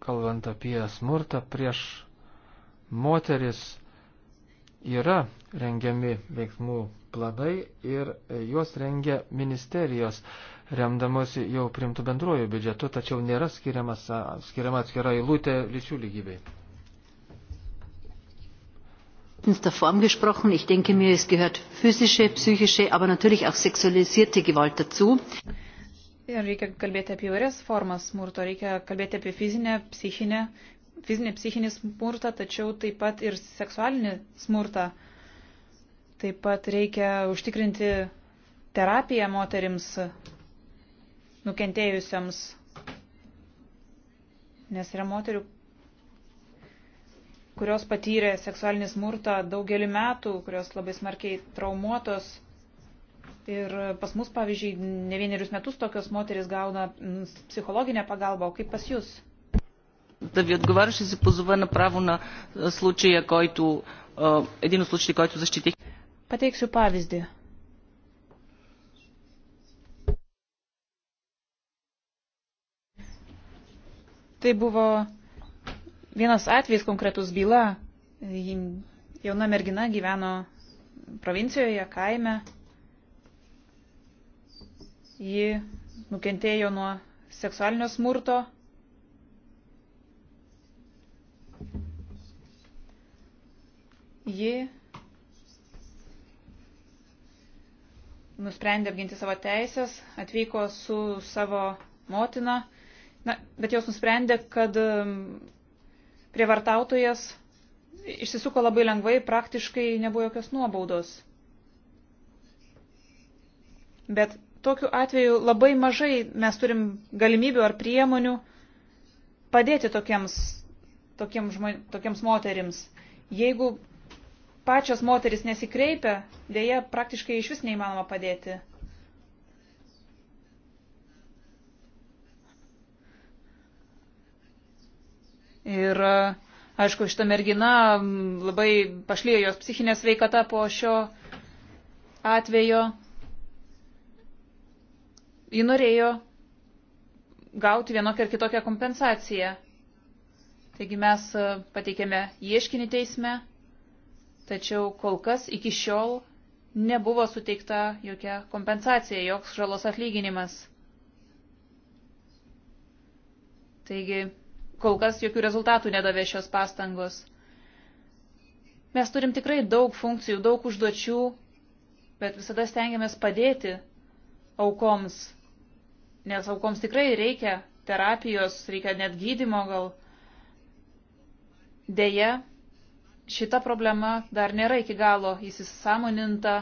kalbant apie smurtą prieš moteris, yra rengiami veiksmų planai ir juos rengia ministerijos, remdamosi jau primtų bendruoju biudžetu, tačiau nėra skiriama atskira eilutė lyčių lygybei. der Form gesprochen. Ich denke mir, es gehört physische, psychische, aber natürlich auch sexualisierte Gewalt dazu. Ir reikia kalbėti apie įvairias formas smurto, reikia kalbėti apie fizinę, psichinę, fizinį, psichinį smurtą, tačiau taip pat ir seksualinį smurtą. Taip pat reikia užtikrinti terapiją moterims nukentėjusiams, nes yra moterių, kurios patyrė seksualinį smurtą daugelį metų, kurios labai smarkiai traumuotos Ir pas mus, pavyzdžiui, ne vienerius metus tokios moteris gauna mm, psichologinę pagalbą, o kaip pas jūs? Да ви отговаря, ще се позова направо на случая, който, един от случаите, който защитих. Pateiksiu pavyzdį. Tai buvo vienas atvejis konkretus byla. Jauna mergina gyveno provincijoje, kaime. Ji nukentėjo nuo seksualinio smurto. Ji nusprendė apginti savo teisės, atvyko su savo motina, na, bet jos nusprendė, kad um, prievartautojas išsisuko labai lengvai, praktiškai nebuvo jokios nuobaudos. Bet tokiu atveju labai mažai mes turim galimybių ar priemonių padėti tokiems, tokiems, žmon, tokiems moterims. Jeigu pačios moteris nesikreipia, dėja praktiškai iš vis neįmanoma padėti. Ir aišku, šita mergina labai pašlyjo jos psichinė sveikata po šio atvejo ji norėjo gauti vienokią ar kitokią kompensaciją. Taigi mes e, pateikėme ieškinį teisme, tačiau kol kas iki šiol nebuvo suteikta jokia kompensacija, joks žalos atlyginimas. Taigi kol kas jokių rezultatų nedavė šios pastangos. Mes turim tikrai daug funkcijų, daug užduočių, bet visada stengiamės padėti aukoms nes aukoms tikrai reikia terapijos, reikia net gydimo gal. Deja, šita problema dar nėra iki galo įsisamoninta,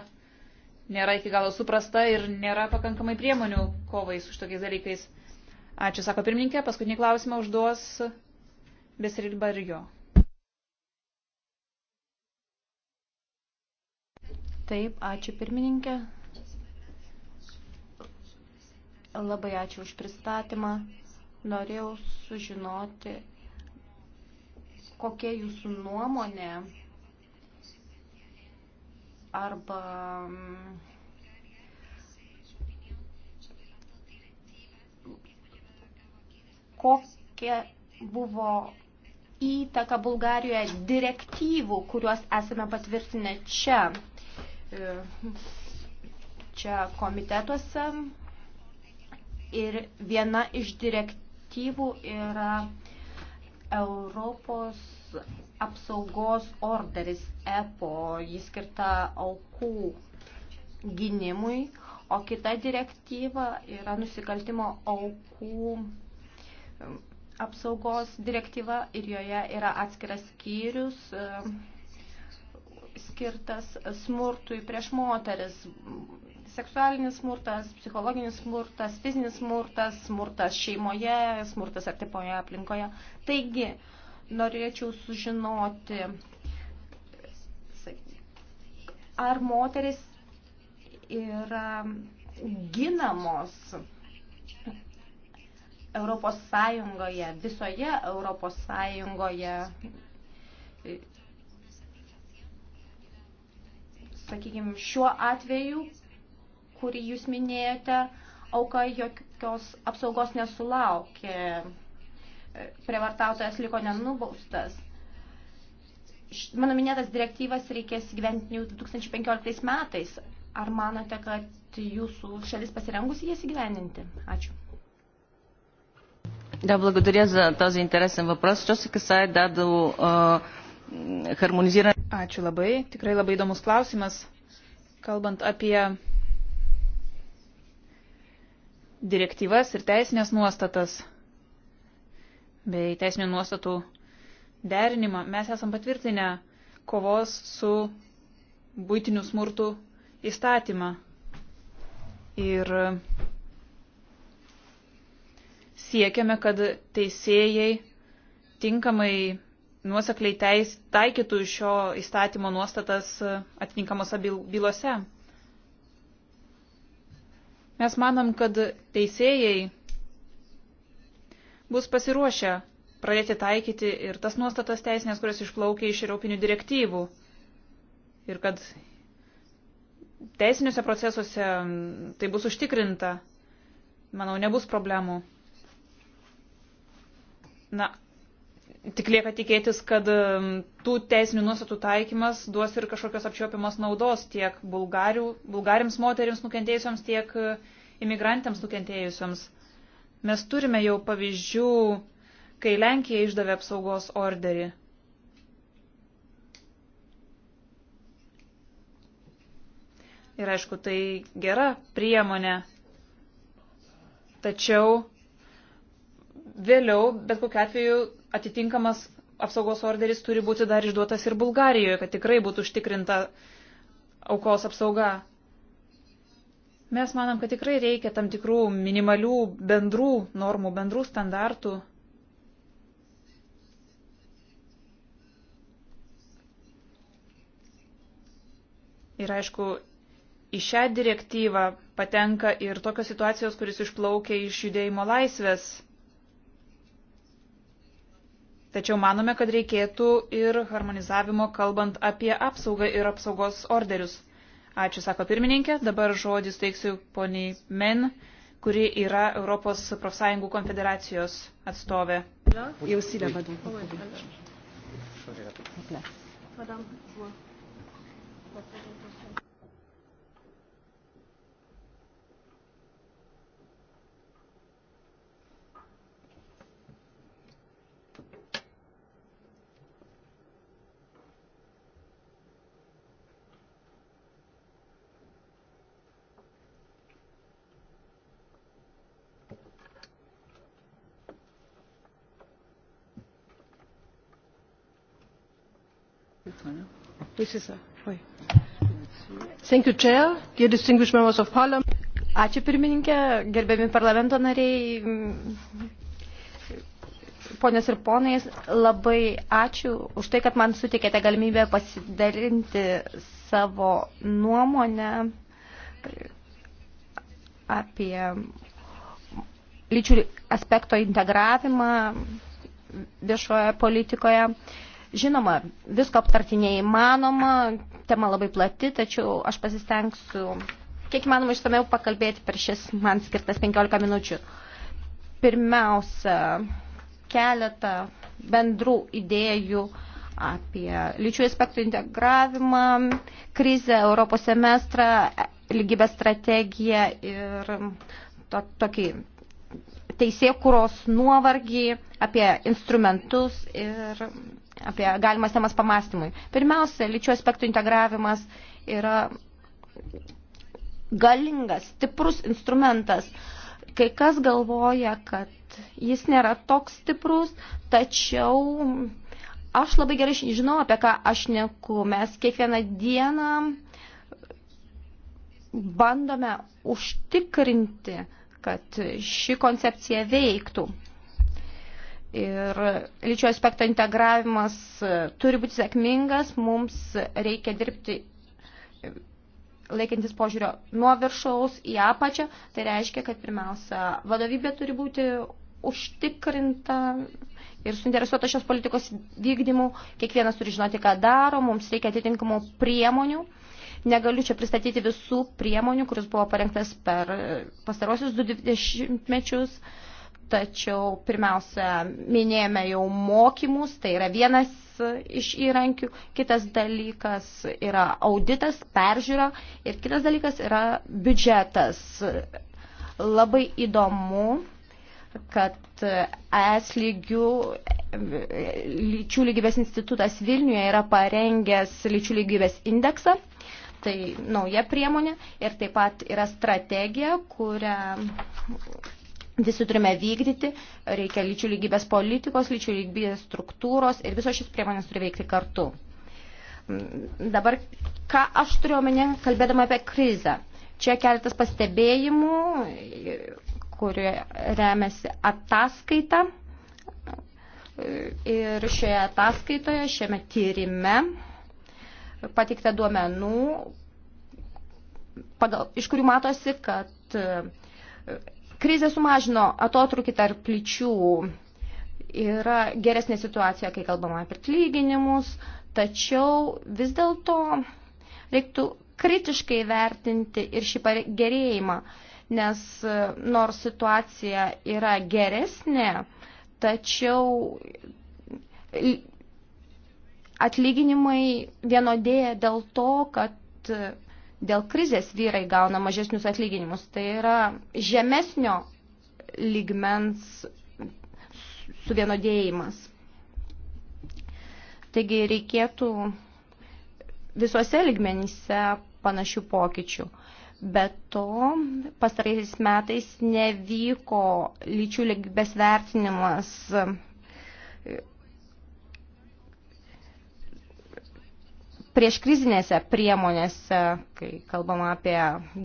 nėra iki galo suprasta ir nėra pakankamai priemonių kovai su šitokiais dalykais. Ačiū, sako pirmininkė, paskutinį klausimą užduos Besiriba ir jo. Taip, ačiū pirmininkė. Labai ačiū už pristatymą. Norėjau sužinoti, kokia jūsų nuomonė arba kokia buvo įtaka Bulgarijoje direktyvų, kuriuos esame patvirtinę čia, e, čia komitetuose ir viena iš direktyvų yra Europos apsaugos orderis EPO, jis skirta aukų gynimui, o kita direktyva yra nusikaltimo aukų um, apsaugos direktyva ir joje yra atskiras skyrius um, skirtas smurtui prieš moteris, seksualinis smurtas, psichologinis smurtas, fizinis smurtas, smurtas šeimoje, smurtas artimoje aplinkoje. Taigi, norėčiau sužinoti, ar moteris yra ginamos Europos Sąjungoje, visoje Europos Sąjungoje, sakykime, šiuo atveju, kurį jūs minėjote, auka jokios apsaugos nesulaukė, e, prievartautojas liko nenubaustas. Mano minėtas direktyvas reikės gyventi 2015 metais. Ar manote, kad jūsų šalis pasirengusi jas įgyvendinti? Ačiū. Да, благодаря за този интересен въпрос. Що се касае да до хармонизиране. Ačiū labai, tikrai labai įdomus klausimas. Kalbant apie direktyvas ir teisinės nuostatas bei teisinių nuostatų derinimą, mes esam patvirtinę kovos su būtiniu smurtu įstatymą. Ir siekiame, kad teisėjai tinkamai nuosekliai teis, taikytų šio įstatymo nuostatas atitinkamos bylose. Mes manom, kad teisėjai bus pasiruošę pradėti taikyti ir tas nuostatas teisinės, kurios išplaukia iš europinių direktyvų. Ir kad teisiniuose procesuose tai bus užtikrinta. Manau, nebus problemų. Na, Tik lieka tikėtis, kad um, tų teisinių nuostatų taikymas duos ir kažkokios apčiopiamos naudos tiek bulgarių, bulgariams moteriams nukentėjusiams, tiek uh, imigrantams nukentėjusiams. Mes turime jau pavyzdžių, kai Lenkija išdavė apsaugos orderį. Ir aišku, tai gera priemonė. Tačiau vėliau, bet kokiu atveju, atitinkamas apsaugos orderis turi būti dar išduotas ir Bulgarijoje, kad tikrai būtų užtikrinta aukos apsauga. Mes manom, kad tikrai reikia tam tikrų minimalių bendrų normų, bendrų standartų. Ir aišku, į šią direktyvą patenka ir tokios situacijos, kuris išplaukia iš judėjimo laisvės Tačiau manome, kad reikėtų ir harmonizavimo kalbant apie apsaugą ir apsaugos orderius. Ačiū, sako pirmininkė. Dabar žodis teiksiu poniai Men, kuri yra Europos profsąjungų konfederacijos atstovė. Jau sėdė, vadovau. Ačiū pirmininkė, gerbiami parlamento nariai, ponios ir ponai, labai ačiū už tai, kad man sutikėte galimybę pasidalinti savo nuomonę apie lyčių aspekto integravimą viešoje politikoje. Žinoma, visko aptarti neįmanoma, tema labai plati, tačiau aš pasistengsiu kiek įmanoma išsameu pakalbėti per šis man skirtas 15 minučių. Pirmiausia, keletą bendrų idėjų apie lyčių aspektų integravimą, krizę, Europos semestrą, lygybės strategiją ir to, tokį teisėkuros nuovargį apie instrumentus ir apie galimas temas pamastymui. Pirmiausia, lyčių aspektų integravimas yra galingas, stiprus instrumentas. Kai kas galvoja, kad jis nėra toks stiprus, tačiau aš labai gerai žinau, apie ką aš neku. Mes kiekvieną dieną bandome užtikrinti, kad ši koncepcija veiktų. Ir lyčio aspekto integravimas e, turi būti sėkmingas, mums reikia dirbti e, laikantis požiūrio nuo viršaus į apačią. Tai reiškia, kad pirmiausia, vadovybė turi būti užtikrinta ir suinteresuota šios politikos vykdymu. Kiekvienas turi žinoti, ką daro, mums reikia atitinkamų priemonių. Negaliu čia pristatyti visų priemonių, kuris buvo parengtas per e, pastarosius 20 mečius. mečius tačiau pirmiausia minėjome jau mokymus, tai yra vienas iš įrankių, kitas dalykas yra auditas, peržiūra ir kitas dalykas yra biudžetas. Labai įdomu, kad ES lygių lyčių lygybės institutas Vilniuje yra parengęs lyčių lygybės indeksą. Tai nauja priemonė ir taip pat yra strategija, kurią visi turime vykdyti, reikia lyčių lygybės politikos, lyčių lygybės struktūros ir visos šis priemonės turi veikti kartu. Mm, dabar, ką aš turiu omenyje, kalbėdama apie krizę. Čia keletas pastebėjimų, kurie remiasi ataskaita. Ir šioje ataskaitoje, šiame tyrime pateikta duomenų, pagal, iš kurių matosi, kad Krizė sumažino atotrukį tarp lyčių. Yra geresnė situacija, kai kalbama apie atlyginimus, tačiau vis dėlto reiktų kritiškai vertinti ir šį gerėjimą, nes e, nors situacija yra geresnė, tačiau atlyginimai vienodėja dėl to, kad e, Dėl krizės vyrai gauna mažesnius atlyginimus. Tai yra žemesnio lygmens suvienodėjimas. Taigi reikėtų visuose lygmenyse panašių pokyčių. Bet to pastaraisiais metais nevyko lyčių lygybės vertinimas prieš krizinėse priemonėse, kai kalbama apie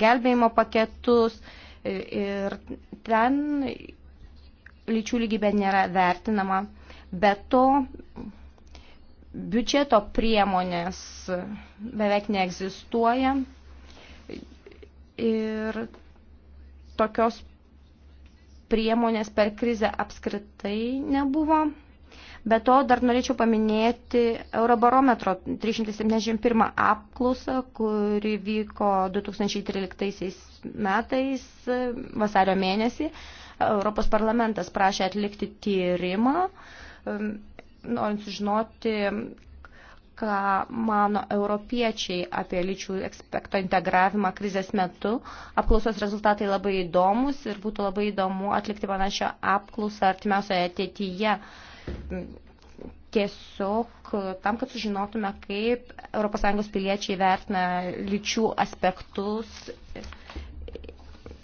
gelbėjimo paketus ir ten lyčių lygybė nėra vertinama, bet to biudžeto priemonės beveik neegzistuoja ir tokios priemonės per krizę apskritai nebuvo. Be to, dar norėčiau paminėti Eurobarometro 371 apklausą, kuri vyko 2013 metais vasario mėnesį. Europos parlamentas prašė atlikti tyrimą, um, norint sužinoti, ką mano europiečiai apie lyčių ekspekto integravimą krizės metu. Apklausos rezultatai labai įdomus ir būtų labai įdomu atlikti panašią apklausą artimiausioje ateityje. Uh, tiesiog e, tam, kad sužinotume, kaip ES piliečiai vertina lyčių aspektus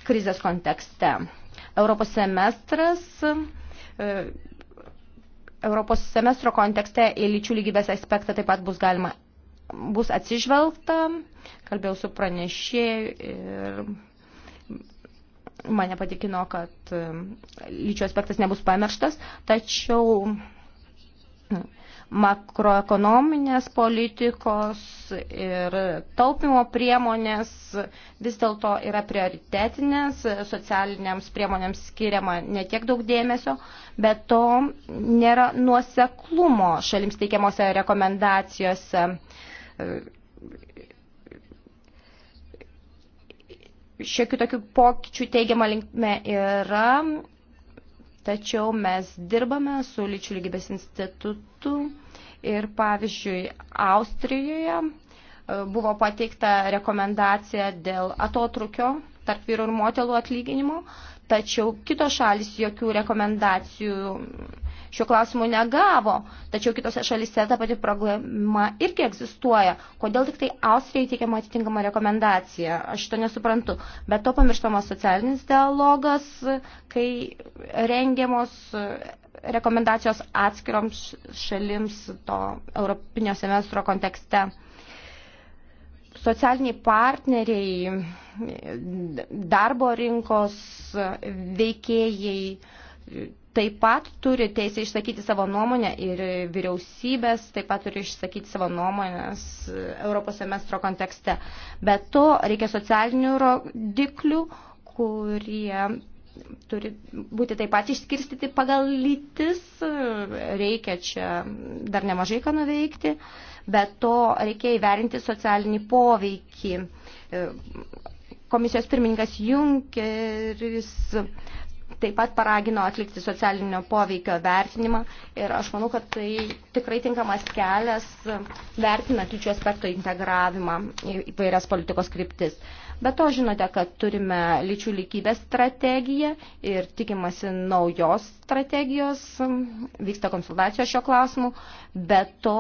krizės kontekste. Europos semestras e, Europos semestro kontekste į lyčių lygybės aspektą taip pat bus galima bus atsižvelgta, kalbėjau su pranešėju ir mane patikino, kad um, lyčių aspektas nebus pamirštas, tačiau hm, makroekonominės politikos ir taupimo priemonės vis dėlto yra prioritetinės, socialiniams priemonėms skiriama netiek daug dėmesio, bet to nėra nuoseklumo šalims teikiamose rekomendacijose šiokių tokių pokyčių teigiama linkme yra, tačiau mes dirbame su lyčių lygybės institutu ir pavyzdžiui Austrijoje e, buvo pateikta rekomendacija dėl atotrukio tarp vyrų ir moterų atlyginimo, tačiau kitos šalis jokių rekomendacijų šiuo klausimu negavo, tačiau kitose šalise ta pati problema irgi egzistuoja. Kodėl tik tai Austrijai teikiama atitinkama rekomendacija? Aš to nesuprantu. Bet to pamirštamas socialinis dialogas, kai rengiamos rekomendacijos atskiroms šalims to Europinio semestro kontekste socialiniai partneriai, darbo rinkos veikėjai taip pat turi teisę išsakyti savo nuomonę ir vyriausybės taip pat turi išsakyti savo nuomonės Europos semestro kontekste. Be to reikia socialinių rodiklių, kurie turi būti taip pat išskirstyti pagal lytis, reikia čia dar nemažai ką nuveikti, bet to reikia įverinti socialinį poveikį. Komisijos pirmininkas Junkeris taip pat paragino atlikti socialinio poveikio vertinimą ir aš manau, kad tai tikrai tinkamas kelias e, vertinant lyčių aspekto integravimą į vairias politikos kryptis. Be to žinote, kad turime lyčių lygybės strategiją ir tikimasi naujos strategijos, vyksta konsultacijos šio klausimu, be to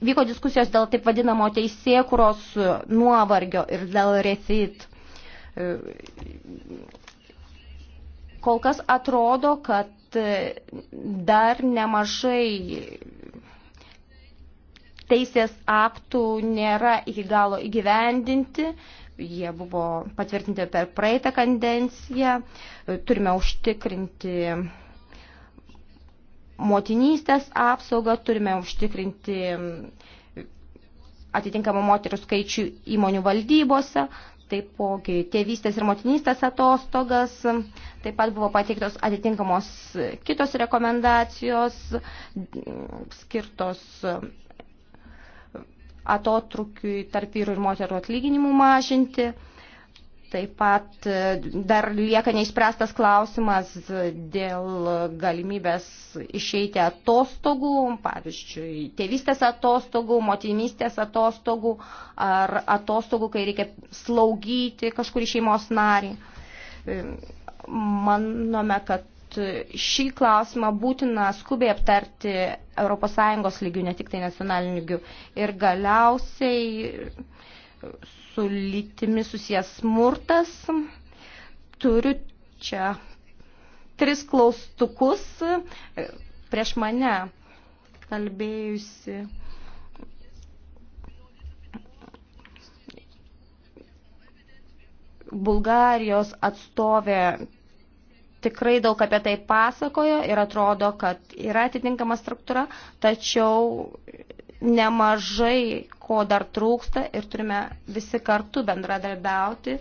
vyko diskusijos dėl taip vadinamo teisėkuros nuovargio ir dėl refit E, kol kas atrodo, kad e, dar nemažai teisės aktų nėra iki galo įgyvendinti. Jie buvo patvirtinti per praeitą kandenciją. E, turime užtikrinti motinystės apsaugą, turime užtikrinti atitinkamą moterų skaičių įmonių valdybose taipogi tėvystės ir motinystės atostogas, taip pat buvo pateiktos atitinkamos kitos rekomendacijos skirtos atotrukiui tarp vyrų ir moterų atlyginimų mažinti. Taip pat e, dar lieka neišspręstas klausimas dėl galimybės išeiti atostogų, pavyzdžiui, tėvystės atostogų, motinystės atostogų ar atostogų, kai reikia slaugyti kažkur šeimos narį. E, manome, kad šį klausimą būtina skubiai aptarti ES lygių, ne tik tai nacionalinių lygių. Ir galiausiai su lytimi susijęs smurtas. Turiu čia tris klaustukus prieš mane kalbėjusi. Bulgarijos atstovė tikrai daug apie tai pasakojo ir atrodo, kad yra atitinkama struktūra, tačiau nemažai, ko dar trūksta ir turime visi kartu bendradarbiauti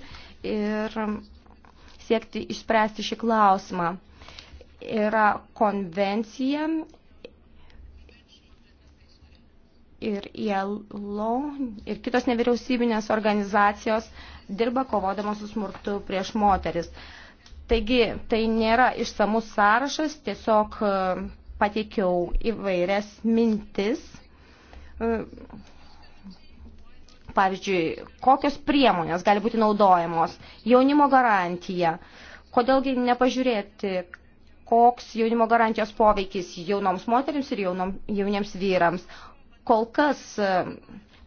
ir siekti išspręsti šį klausimą. Yra konvencija ir ILO ir kitos nevyriausybinės organizacijos dirba kovodamos su smurtu prieš moteris. Taigi, tai nėra išsamus sąrašas, tiesiog pateikiau įvairias mintis. E, pavyzdžiui, kokios priemonės gali būti naudojamos, jaunimo garantija, kodėlgi nepažiūrėti, koks jaunimo garantijos poveikis jaunoms moteriams ir jaunom, jauniems vyrams. Kol kas e,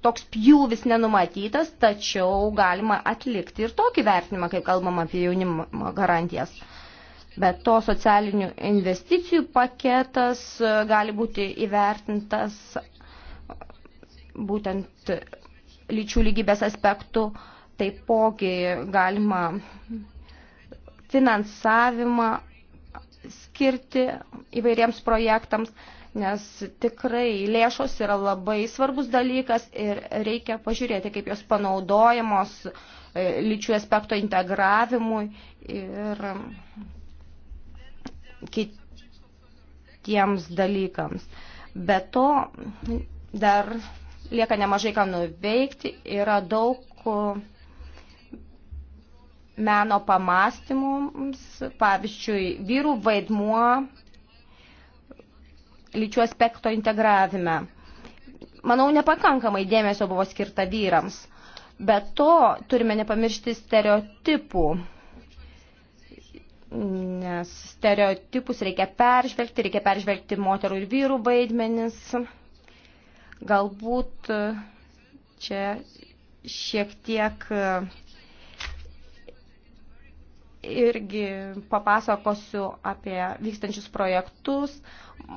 toks pjūvis nenumatytas, tačiau galima atlikti ir tokį vertinimą, kai kalbam apie jaunimo garantijas. Bet to socialinių investicijų paketas e, gali būti įvertintas būtent lyčių lygybės aspektų taipogi galima finansavimą skirti įvairiems projektams, nes tikrai lėšos yra labai svarbus dalykas ir reikia pažiūrėti, kaip jos panaudojamos e, lyčių aspekto integravimui ir kitiems dalykams. Be to, dar lieka nemažai ką nuveikti, yra daug e, meno pamastymums, pavyzdžiui, vyrų vaidmuo lyčių aspekto integravime. Manau, nepakankamai dėmesio buvo skirta vyrams. Be to, turime nepamiršti stereotipų, nes stereotipus reikia peržvelgti, reikia peržvelgti moterų ir vyrų vaidmenis. Galbūt e, čia šiek tiek e, irgi papasakosiu apie vykstančius projektus.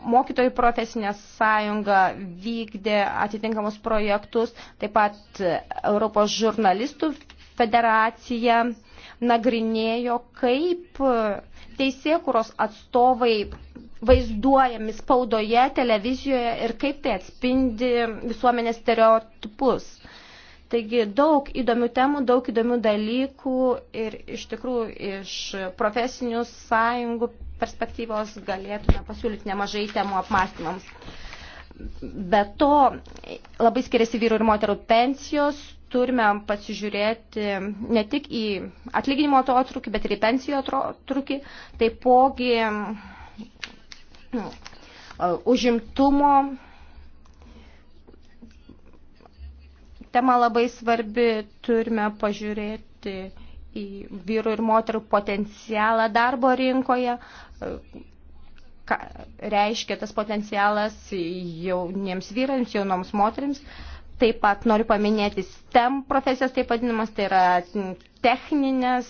Mokytojų profesinė sąjunga vykdė atitinkamus projektus, taip pat Europos žurnalistų federacija nagrinėjo, kaip teisėkuros atstovai vaizduojami spaudoje, televizijoje ir kaip tai atspindi visuomenės stereotipus. Taigi daug įdomių temų, daug įdomių dalykų ir iš tikrųjų iš profesinių sąjungų perspektyvos galėtume pasiūlyti nemažai temų apmąstymams. Be to, labai skiriasi vyrų ir moterų pensijos, turime pasižiūrėti ne tik į atlyginimo atotrukį, bet ir į pensijų atotrukį, taipogi užimtumo tema labai svarbi, turime pažiūrėti į vyrų ir moterų potencialą darbo rinkoje, ką reiškia tas potencialas jauniems vyrams, jaunoms moteriams. Taip pat noriu paminėti STEM profesijas, taip vadinamas, tai yra techninės,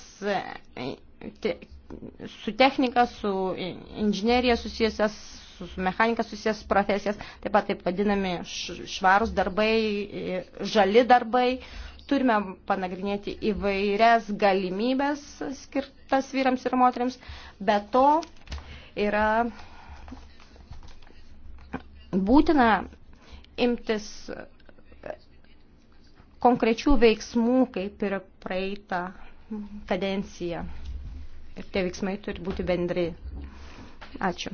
su technika, su inžinierija susijusias, su, su mechanika susijęs profesijas, taip pat taip vadinami švarus darbai, žali darbai. Turime panagrinėti įvairias galimybės skirtas vyrams ir moteriams. Be to yra būtina imtis konkrečių veiksmų, kaip ir praeitą kadenciją ir tie veiksmai turi būti bendrai. Ačiū.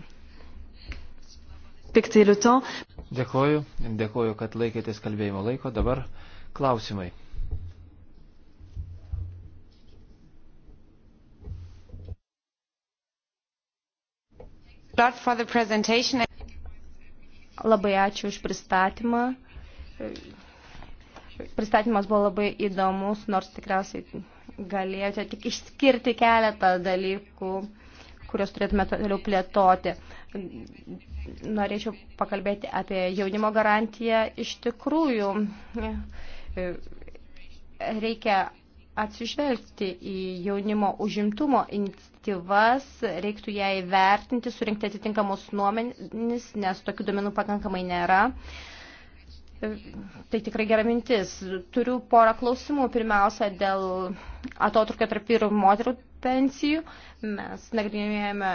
Dėkoju, dėkoju, kad laikėtės kalbėjimo laiko. Dabar klausimai. Labai ačiū už pristatymą. Pristatymas buvo labai įdomus, nors tikriausiai galėjote tik išskirti keletą dalykų, kuriuos turėtume toliau plėtoti. Norėčiau pakalbėti apie jaunimo garantiją. Iš tikrųjų, reikia atsižvelgti į jaunimo užimtumo iniciatyvas, reiktų ją įvertinti, surinkti atitinkamus nuomenis, nes tokių duomenų pakankamai nėra. Uh, Tai tikrai gera mintis. Turiu porą klausimų. Pirmiausia, dėl atotrukio tarp vyrų ir moterų pensijų. Mes nagrinėjome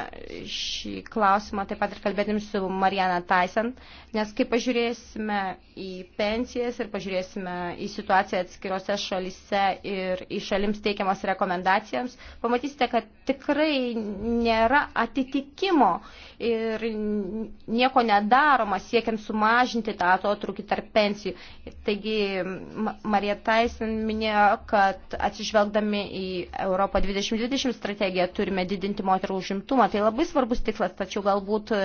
šį klausimą taip pat ir kalbėtum su Mariana Tyson, nes kai pažiūrėsime į pensijas ir pažiūrėsime į situaciją atskirose šalise ir į šalims teikiamas rekomendacijams, pamatysite, kad tikrai nėra atitikimo ir nieko nedaroma siekiant sumažinti tą atotrukį tarp pensijų. Taigi Marija Tyson minėjo, kad atsižvelgdami į Europą 2020 2020 strategiją turime didinti moterų užimtumą. Tai labai svarbus tikslas, tačiau galbūt e,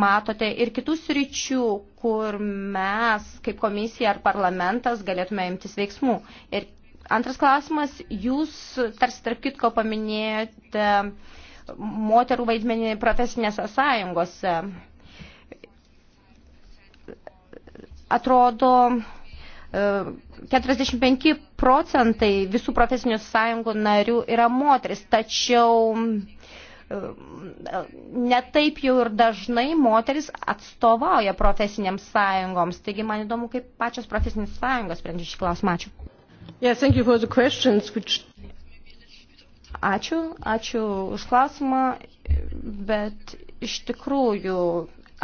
matote ir kitų sričių, kur mes kaip komisija ar parlamentas galėtume imtis veiksmų. Ir antras klausimas, jūs tarsi tarp kitko paminėjote moterų vaidmenį profesinėse sąjungose. Atrodo, 45 procentai visų profesinių sąjungų narių yra moteris, tačiau e, netaip jau ir dažnai moteris atstovauja profesiniams sąjungoms. Taigi man įdomu, kaip pačios profesinės sąjungos sprendžia šį klausimą. Ačiū. Yeah, thank you for the questions, which... Ačiū, ačiū už klausimą, bet iš tikrųjų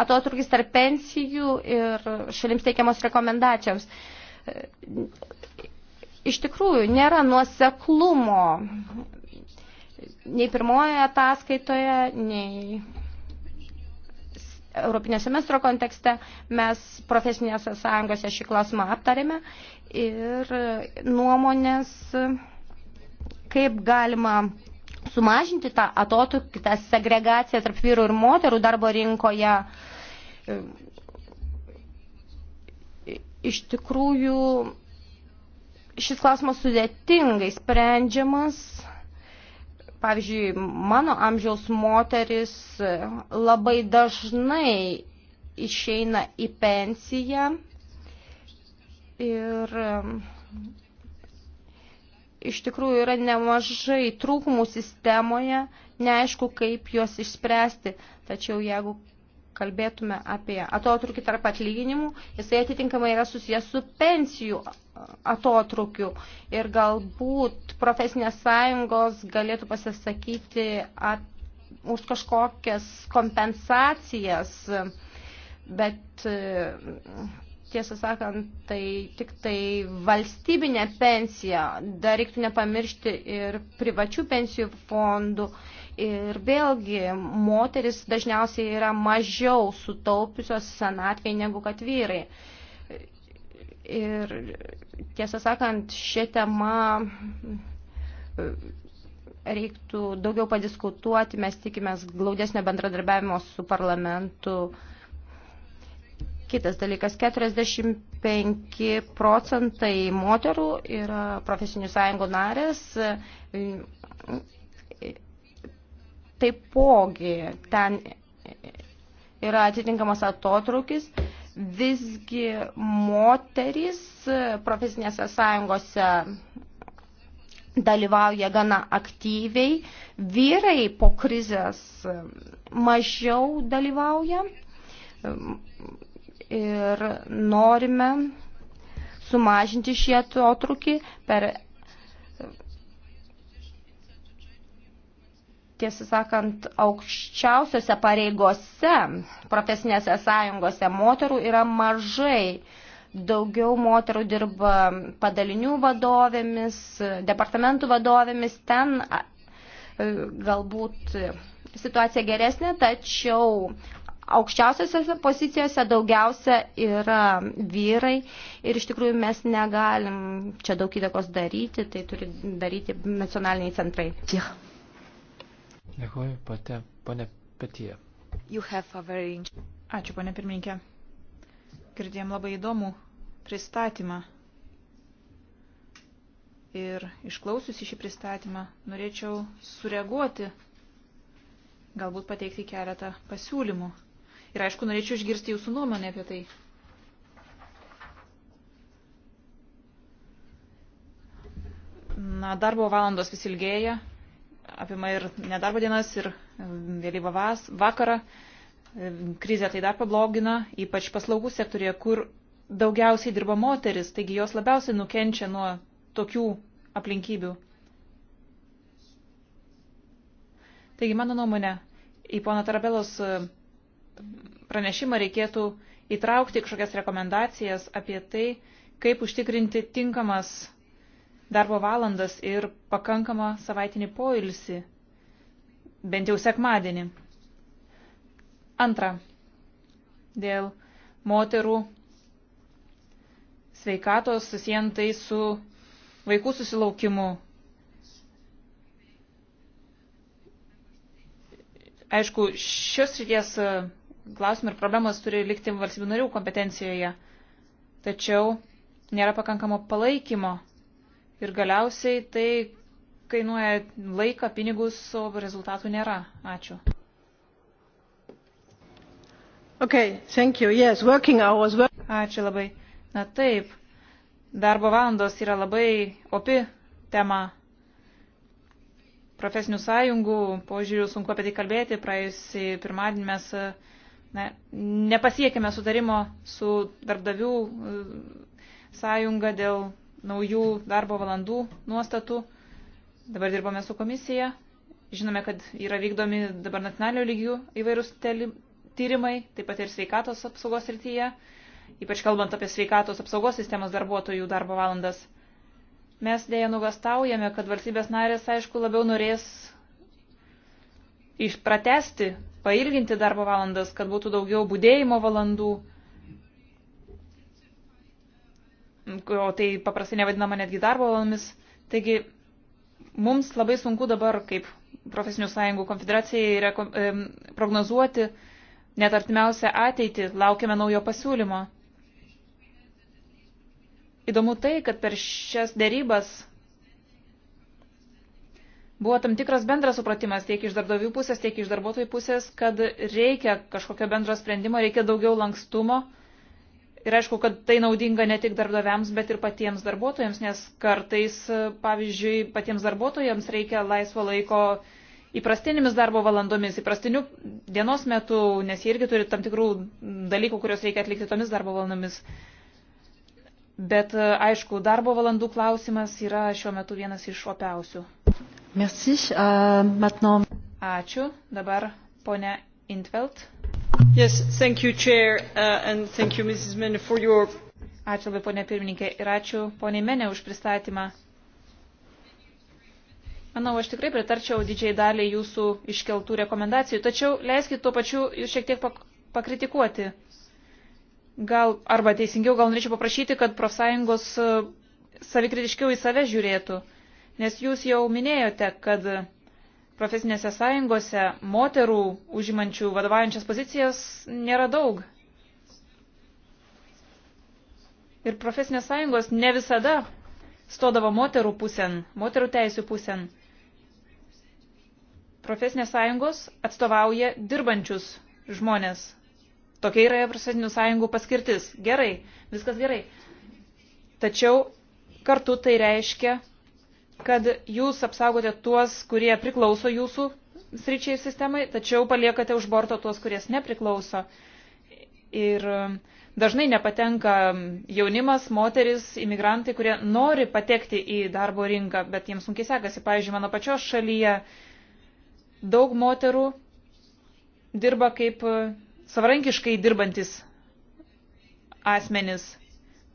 atotrukis tarp pensijų ir šalims teikiamos rekomendacijoms. Uh, iš tikrųjų nėra nuoseklumo nei pirmojoje ataskaitoje, nei Europinio semestro kontekste mes profesinėse sąjungose šį klausimą aptarėme ir nuomonės, kaip galima sumažinti tą atotrukį, tą segregaciją tarp vyrų ir moterų darbo rinkoje Iš tikrųjų, šis klausimas sudėtingai sprendžiamas. Pavyzdžiui, mano amžiaus moteris labai dažnai išeina į pensiją ir um, iš tikrųjų yra nemažai trūkumų sistemoje, neaišku, kaip juos išspręsti. Tačiau jeigu kalbėtume apie atotrukį tarp atlyginimų, jisai atitinkamai yra susijęs su pensijų atotrukiu. Ir galbūt profesinės sąjungos galėtų pasisakyti at, už kažkokias kompensacijas, bet e, tiesą sakant, tai tik tai valstybinė pensija. Dar reiktų nepamiršti ir privačių pensijų fondų. Uh, Ir vėlgi, moteris dažniausiai yra mažiau sutaupiusios senatviai negu kad vyrai. Ir tiesą sakant, šią temą e, reiktų daugiau padiskutuoti, mes tikimės glaudesnio bendradarbiavimo su parlamentu. Kitas dalykas, 45 procentai moterų yra profesinių sąjungų narės, taipogi ten yra atitinkamas atotrukis, visgi moterys profesinėse sąjungose dalyvauja gana aktyviai, vyrai po krizės mažiau dalyvauja ir norime sumažinti šį atotrukį per tiesą sakant, aukščiausiose pareigose profesinėse sąjungose moterų yra mažai. Daugiau moterų dirba padalinių vadovėmis, departamentų vadovėmis. Ten e, galbūt situacija geresnė, tačiau aukščiausiose pozicijose daugiausia yra vyrai ir iš tikrųjų mes negalim čia daug įtakos daryti, tai turi daryti nacionaliniai centrai. Yeah. Dėkuoju, pate, ponė Petie. Very... Ačiū, ponė pirmininkė. Girdėjom labai įdomų pristatymą. Ir išklausiusi šį pristatymą, norėčiau sureaguoti, galbūt pateikti keletą pasiūlymų. Ir aišku, norėčiau išgirsti jūsų nuomonę apie tai. Na, darbo valandos vis ilgėja, apima ir nedarbo dienas, ir e, vėlyvą vakarą. E, krizė tai dar pablogina, ypač paslaugų sektorėje, kur daugiausiai dirba moteris, taigi jos labiausiai nukenčia nuo tokių aplinkybių. Taigi, mano nuomonė, į pono Tarabelos e, pranešimą reikėtų įtraukti kažkokias rekomendacijas apie tai, kaip užtikrinti tinkamas darbo valandas ir pakankamą savaitinį poilsį, bent jau sekmadienį. Antra, dėl moterų sveikatos susientai su vaikų susilaukimu. Aišku, šios ryties e, klausimai ir problemos turi likti valstybių narių kompetencijoje, tačiau nėra pakankamo palaikymo Ir galiausiai tai kainuoja laiką, pinigus, o rezultatų nėra. Ačiū. Okay, thank you. Yes, working hours. Work... Ačiū labai. Na taip, darbo valandos yra labai opi tema. Profesinių sąjungų požiūrių sunku apie tai kalbėti. Praėjusį pirmadienį mes ne, nepasiekėme sutarimo su darbdavių e, sąjunga dėl naujų darbo valandų nuostatų. Dabar dirbame su komisija. Žinome, kad yra vykdomi dabar nacionalinių lygių įvairūs tyrimai, taip pat ir sveikatos apsaugos srityje, ypač kalbant apie sveikatos apsaugos sistemos darbuotojų darbo valandas. Mes dėja nugastaujame, kad valstybės narės, aišku, labiau norės išpratesti, pailginti darbo valandas, kad būtų daugiau būdėjimo valandų o tai paprastai nevadinama netgi darbo valandomis. Taigi mums labai sunku dabar, kaip profesinių sąjungų konfederacijai, reko, e, prognozuoti net artimiausią ateitį, laukiame naujo pasiūlymo. Įdomu tai, kad per šias dėrybas buvo tam tikras bendras supratimas tiek iš darbdavių pusės, tiek iš darbuotojų pusės, kad reikia kažkokio bendro sprendimo, reikia daugiau lankstumo Ir aišku, kad tai naudinga ne tik darbdaviams, bet ir patiems darbuotojams, nes kartais, e, pavyzdžiui, patiems darbuotojams reikia laisvo laiko įprastinėmis darbo valandomis, įprastiniu dienos metu, nes jie irgi turi tam tikrų dalykų, kuriuos reikia atlikti tomis darbo valandomis. Bet e, aišku, darbo valandų klausimas yra šiuo metu vienas iš opiausių. Merci, uh, maintenant... Ačiū. Dabar ponia Intvelt. Yes, thank you, Chair, uh, and thank you, Mrs. Mene, for your... Ačiū labai, ponė pirmininkė, ir ačiū ponė Mene už pristatymą. Manau, aš tikrai pritarčiau didžiai daliai jūsų iškeltų rekomendacijų, tačiau leiskit tuo pačiu jūs šiek tiek pak pakritikuoti. Gal, arba teisingiau, gal norėčiau paprašyti, kad profsąjungos uh, savikritiškiau į save žiūrėtų, nes jūs jau minėjote, kad profesinėse sąjungose moterų užimančių vadovaujančias pozicijas nėra daug. Ir profesinės sąjungos ne visada stodavo moterų pusėn, moterų teisų pusėn. Profesinės sąjungos atstovauja dirbančius žmonės. Tokia yra profesinių sąjungų paskirtis. Gerai, viskas gerai. Tačiau kartu tai reiškia kad jūs apsaugote tuos, kurie priklauso jūsų sričiai sistemai, tačiau paliekate už borto tuos, kuries nepriklauso. Ir um, dažnai nepatenka um, jaunimas, moteris, imigrantai, kurie nori patekti į darbo rinką, bet jiems sunkiai sekasi. Pavyzdžiui, mano pačios šalyje daug moterų dirba kaip uh, savarankiškai dirbantis asmenis.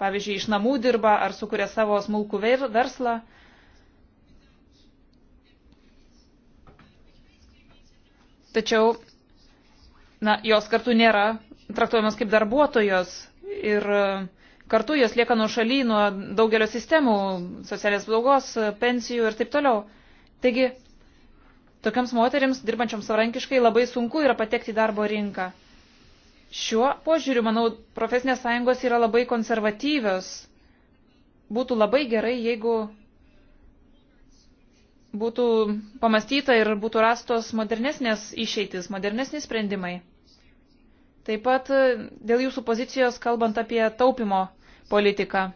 Pavyzdžiui, iš namų dirba ar sukuria savo smulkų verslą. tačiau na, jos kartu nėra traktuojamos kaip darbuotojos ir e, kartu jos lieka nuo šaly nuo daugelio sistemų, socialinės blogos, e, pensijų ir taip toliau. Taigi, tokiams moteriams, dirbančioms savarankiškai, labai sunku yra patekti į darbo rinką. Šiuo požiūriu, manau, profesinės sąjungos yra labai konservatyvios. Būtų labai gerai, jeigu būtų pamastyta ir būtų rastos modernesnės išeitis, modernesni sprendimai. Taip pat e, dėl jūsų pozicijos, kalbant apie taupimo politiką.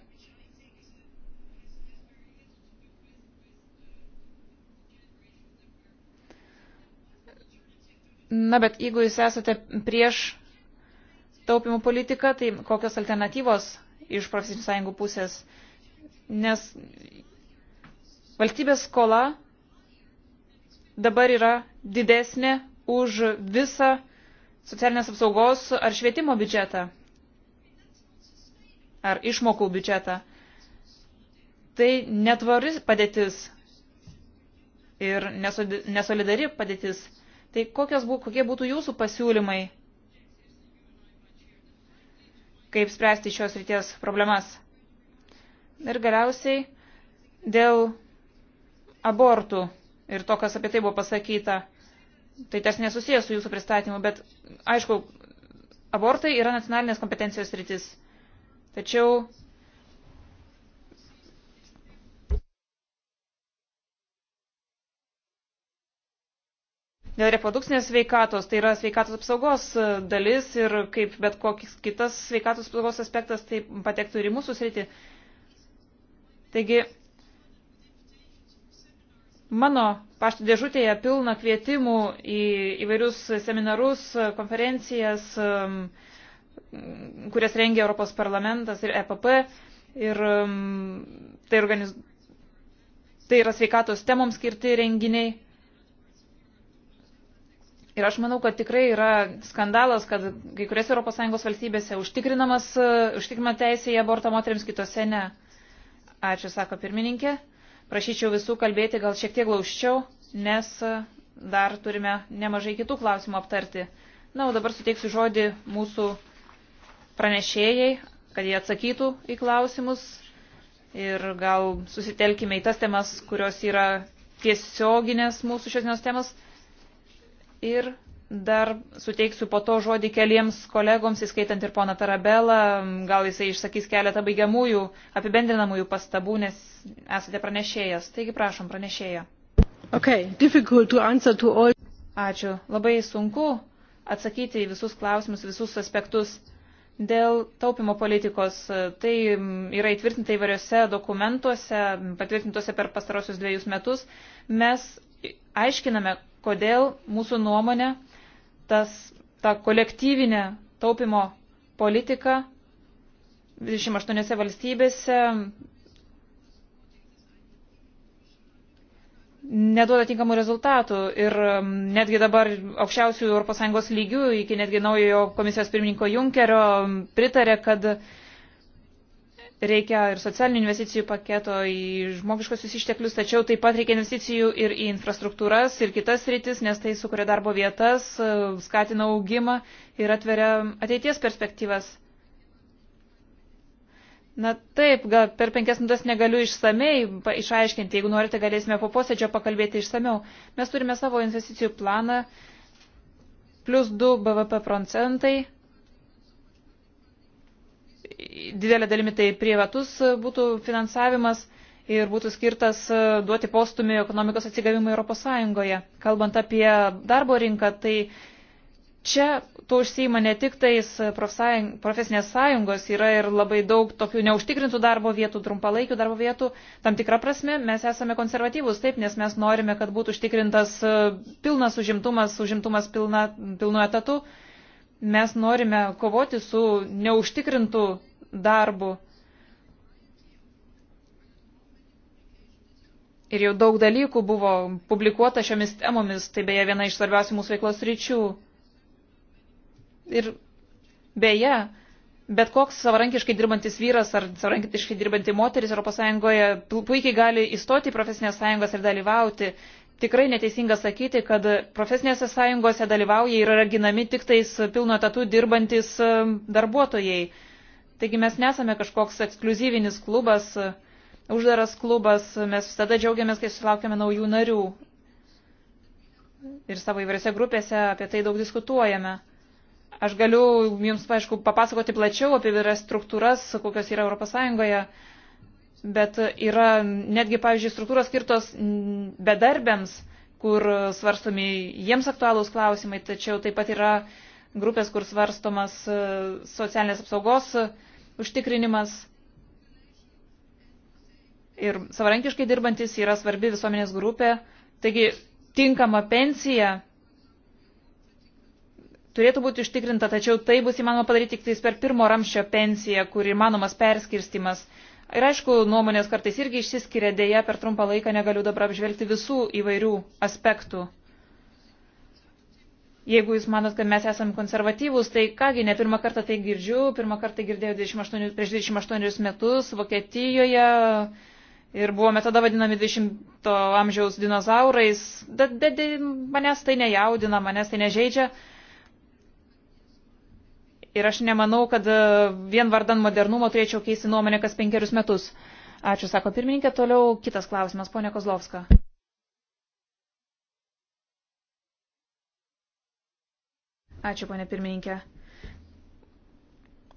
Na, bet jeigu jūs esate prieš taupimo politiką, tai kokios alternatyvos iš profesinių sąjungų pusės? Nes valstybės skola dabar yra didesnė už visą socialinės apsaugos ar švietimo biudžetą ar išmokų biudžetą. Tai netvari padėtis ir nesolidari padėtis. Tai kokios būtų, kokie būtų jūsų pasiūlymai, kaip spręsti šios ryties problemas. Ir galiausiai dėl abortų ir to, kas apie tai buvo pasakyta, tai tarsi nesusijęs su jūsų pristatymu, bet aišku, abortai yra nacionalinės kompetencijos rytis. Tačiau dėl reprodukcinės sveikatos, tai yra sveikatos apsaugos e, dalis ir kaip bet kokis kitas sveikatos apsaugos aspektas, tai patektų ir į mūsų sritį. Taigi, Mano pašto dėžutėje pilna kvietimų į įvairius seminarus, konferencijas, um, kurias rengia Europos parlamentas ir EPP. Ir um, tai, organiz... tai yra sveikatos temoms skirti renginiai. Ir aš manau, kad tikrai yra skandalas, kad kai kurias ES valstybėse užtikrinamas, uh, užtikrinama teisė į abortą moteriams, kitose ne. Ačiū, sako pirmininkė. Prašyčiau visų kalbėti gal šiek tiek glaučiau, nes dar turime nemažai kitų klausimų aptarti. Na, o dabar suteiksiu žodį mūsų pranešėjai, kad jie atsakytų į klausimus ir gal susitelkime į tas temas, kurios yra tiesioginės mūsų šios dienos temos. Ir Dar suteiksiu po to žodį keliems kolegoms, įskaitant ir poną Tarabelą. Gal jisai išsakys keletą baigiamųjų, apibendrinamųjų pastabų, nes esate pranešėjas. Taigi prašom, pranešėja. Okay, to to all... Ačiū. Labai sunku atsakyti į visus klausimus, visus aspektus. Dėl taupimo politikos tai yra įtvirtinta įvairiose dokumentuose, patvirtintuose per pastarosius dviejus metus. Mes aiškiname, kodėl mūsų nuomonė tas, ta kolektyvinė taupimo politika 28 valstybėse neduoda tinkamų rezultatų ir mm, netgi dabar aukščiausių ES lygių iki netgi naujojo komisijos pirmininko Junkerio mm, pritarė, kad reikia ir socialinių investicijų paketo į žmogiškosius išteklius, tačiau taip pat reikia investicijų ir į infrastruktūras ir kitas rytis, nes tai sukuria darbo vietas, skatina augimą ir atveria ateities perspektyvas. Na taip, gal per penkias minutės negaliu išsamei išaiškinti, jeigu norite, galėsime po posėdžio pakalbėti išsameu. Mes turime savo investicijų planą, plus 2 BVP procentai didelė dalimi tai privatus būtų finansavimas ir būtų skirtas e, duoti postumį ekonomikos atsigavimui Europos Sąjungoje. Kalbant apie darbo rinką, tai čia to užsima ne tik tais profesinės sąjungos, yra ir labai daug tokių neužtikrintų darbo vietų, trumpalaikių darbo vietų. Tam tikrą prasme mes esame konservatyvūs, taip, nes mes norime, kad būtų užtikrintas e, pilnas užimtumas, užimtumas pilna, pilnu etatu. Mes norime kovoti su neužtikrintų darbu. Ir jau daug dalykų buvo publikuota šiomis temomis, tai beje viena iš svarbiausių mūsų veiklos ryčių. Ir beje, bet koks savarankiškai dirbantis vyras ar savarankiškai dirbanti moteris ES puikiai gali įstoti į profesinės sąjungas ir dalyvauti tikrai neteisinga sakyti, kad profesinėse sąjungose dalyvauja ir yra ginami tik tais pilno tatų dirbantis e, darbuotojai. Taigi mes nesame kažkoks ekskluzyvinis klubas, e, uždaras klubas, mes visada džiaugiamės, kai sulaukiame naujų narių. Ir savo įvairiose grupėse apie tai daug diskutuojame. Aš galiu jums, aišku, papasakoti plačiau apie įvairias struktūras, kokios yra Europos Sąjungoje bet yra netgi, pavyzdžiui, struktūros skirtos bedarbiams, kur svarstomi jiems aktualūs klausimai, tačiau taip pat yra grupės, kur svarstomas e, socialinės apsaugos užtikrinimas. Ir savarankiškai dirbantis yra svarbi visuomenės grupė, taigi tinkama pensija turėtų būti užtikrinta, tačiau tai bus įmanoma padaryti tik per pirmo ramščio pensiją, kur įmanomas perskirstimas Ir aišku, nuomonės kartais irgi išsiskiria, dėja per trumpą laiką negaliu dabar apžvelgti visų įvairių aspektų. Jeigu jūs manot, kad mes esame konservatyvūs, tai kągi, ne pirmą kartą tai girdžiu, pirmą kartą girdėjau 28, prieš 28 metus Vokietijoje ir buvome tada vadinami 20 amžiaus dinozaurais, bet manęs tai nejaudina, manęs tai nežaidžia. Ir aš nemanau, kad e, vien vardan modernumo turėčiau keisti nuomonę kas penkerius metus. Ačiū, sako pirmininkė. Toliau kitas klausimas, ponė Kozlovska. Ačiū, ponė pirmininkė.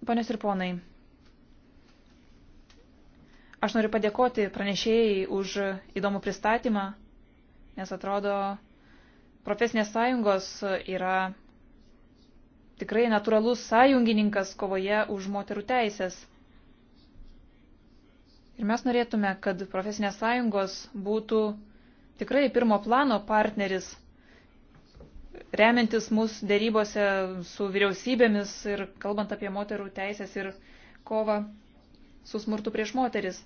Ponės ir ponai, aš noriu padėkoti pranešėjai už įdomų pristatymą, nes atrodo, profesinės sąjungos yra tikrai natūralus sąjungininkas kovoje už moterų teisės. Ir mes norėtume, kad profesinės sąjungos būtų tikrai pirmo plano partneris, remiantis mus dėrybose su vyriausybėmis ir kalbant apie moterų teisės ir kovą su smurtu prieš moteris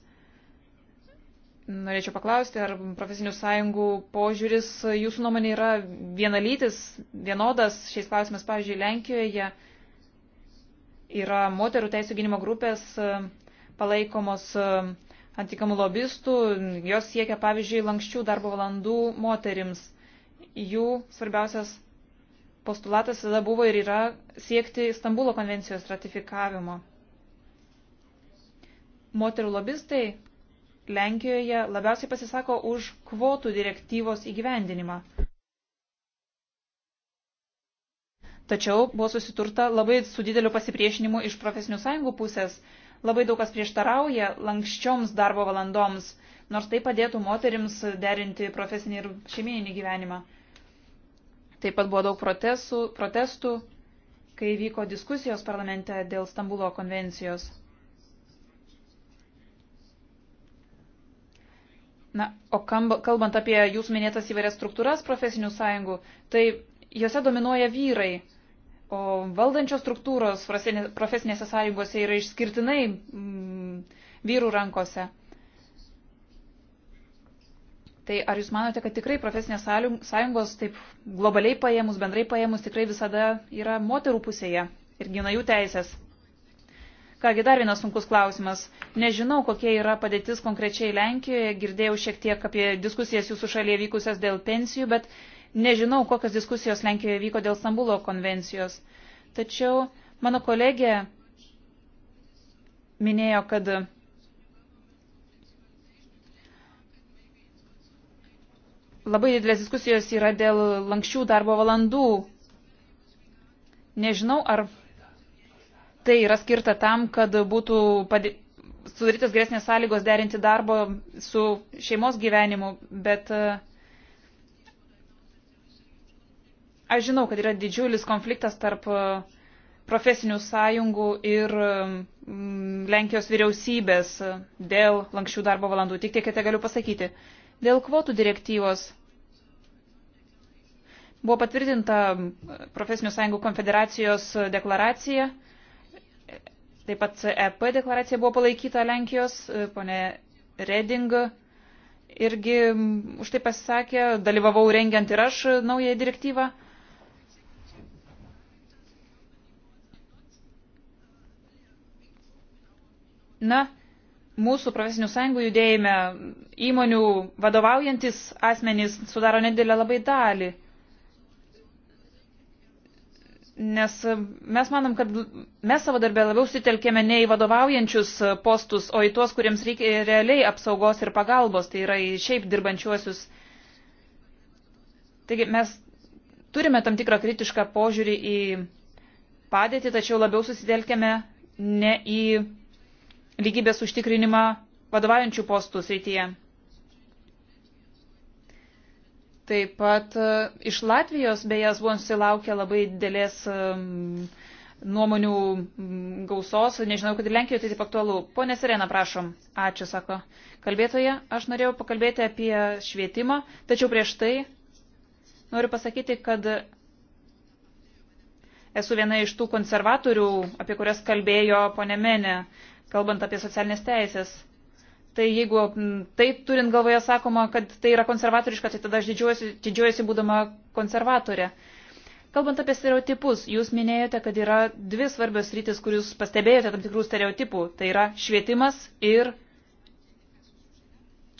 norėčiau paklausti, ar profesinių sąjungų požiūris jūsų nuomonė yra vienalytis, vienodas šiais klausimais, pavyzdžiui, Lenkijoje yra moterų teisų gynimo grupės e, palaikomos e, antikamų lobistų, jos siekia, pavyzdžiui, lankščių darbo valandų moterims. Jų svarbiausias postulatas tada buvo ir yra siekti Stambulo konvencijos ratifikavimo. Moterų lobistai Lenkijoje labiausiai pasisako už kvotų direktyvos įgyvendinimą. Tačiau buvo susiturta labai su dideliu pasipriešinimu iš profesinių sąjungų pusės. Labai daug kas prieštarauja lankščioms darbo valandoms, nors tai padėtų moterims derinti profesinį ir šeimininį gyvenimą. Taip pat buvo daug protestų, protestų kai vyko diskusijos parlamente dėl Stambulo konvencijos. Na, o kalbant apie jūsų minėtas įvairias struktūras profesinių sąjungų, tai jose dominuoja vyrai, o valdančios struktūros profesinėse sąjungose yra išskirtinai mm, vyrų rankose. Tai ar jūs manote, kad tikrai profesinės sąjungos taip globaliai paėmus, bendrai paėmus, tikrai visada yra moterų pusėje ir gina jų teisės? Kągi dar vienas sunkus klausimas. Nežinau, kokia yra padėtis konkrečiai Lenkijoje. Girdėjau šiek tiek apie diskusijas jūsų šalyje vykusias dėl pensijų, bet nežinau, kokios diskusijos Lenkijoje vyko dėl Stambulo konvencijos. Tačiau mano kolegė minėjo, kad labai didelės diskusijos yra dėl lankščių darbo valandų. Nežinau, ar tai yra skirta tam, kad būtų padė... sudarytas geresnės sąlygos derinti darbo su šeimos gyvenimu, bet e, aš žinau, kad yra didžiulis konfliktas tarp e, profesinių sąjungų ir mm, Lenkijos vyriausybės dėl lankščių darbo valandų. Tik tiek, kad tai galiu pasakyti. Dėl kvotų direktyvos buvo patvirtinta profesinių sąjungų konfederacijos deklaracija Taip pat CEP deklaracija buvo palaikyta Lenkijos, e, ponė Reding irgi už tai pasisakė, dalyvavau rengiant ir aš naują direktyvą. Na, mūsų profesinių sąjungų judėjime įmonių vadovaujantis asmenys sudaro nedėlę labai dalį. Nes mes manom, kad mes savo darbę labiau sutelkėme ne į vadovaujančius postus, o į tuos, kuriems reikia realiai apsaugos ir pagalbos, tai yra į šiaip dirbančiuosius. Taigi mes turime tam tikrą kritišką požiūrį į padėtį, tačiau labiau susitelkėme ne į lygybės užtikrinimą vadovaujančių postų srityje. Taip pat e, iš Latvijos beje buvom susilaukę labai dėlės e, nuomonių gausos, nežinau, kad ir Lenkijoje tai taip aktualu. Pone Sirena, prašom. Ačiū, sako kalbėtoje. Aš norėjau pakalbėti apie švietimą, tačiau prieš tai noriu pasakyti, kad esu viena iš tų konservatorių, apie kurias kalbėjo ponė Menė, kalbant apie socialinės teisės. Tai jeigu tai turint galvoje sakoma, kad tai yra konservatoriška, tai tada aš didžiuojasi, didžiuojasi būdama konservatorė. Kalbant apie stereotipus, jūs minėjote, kad yra dvi svarbios rytis, kur jūs pastebėjote tam tikrų stereotipų. Tai yra švietimas ir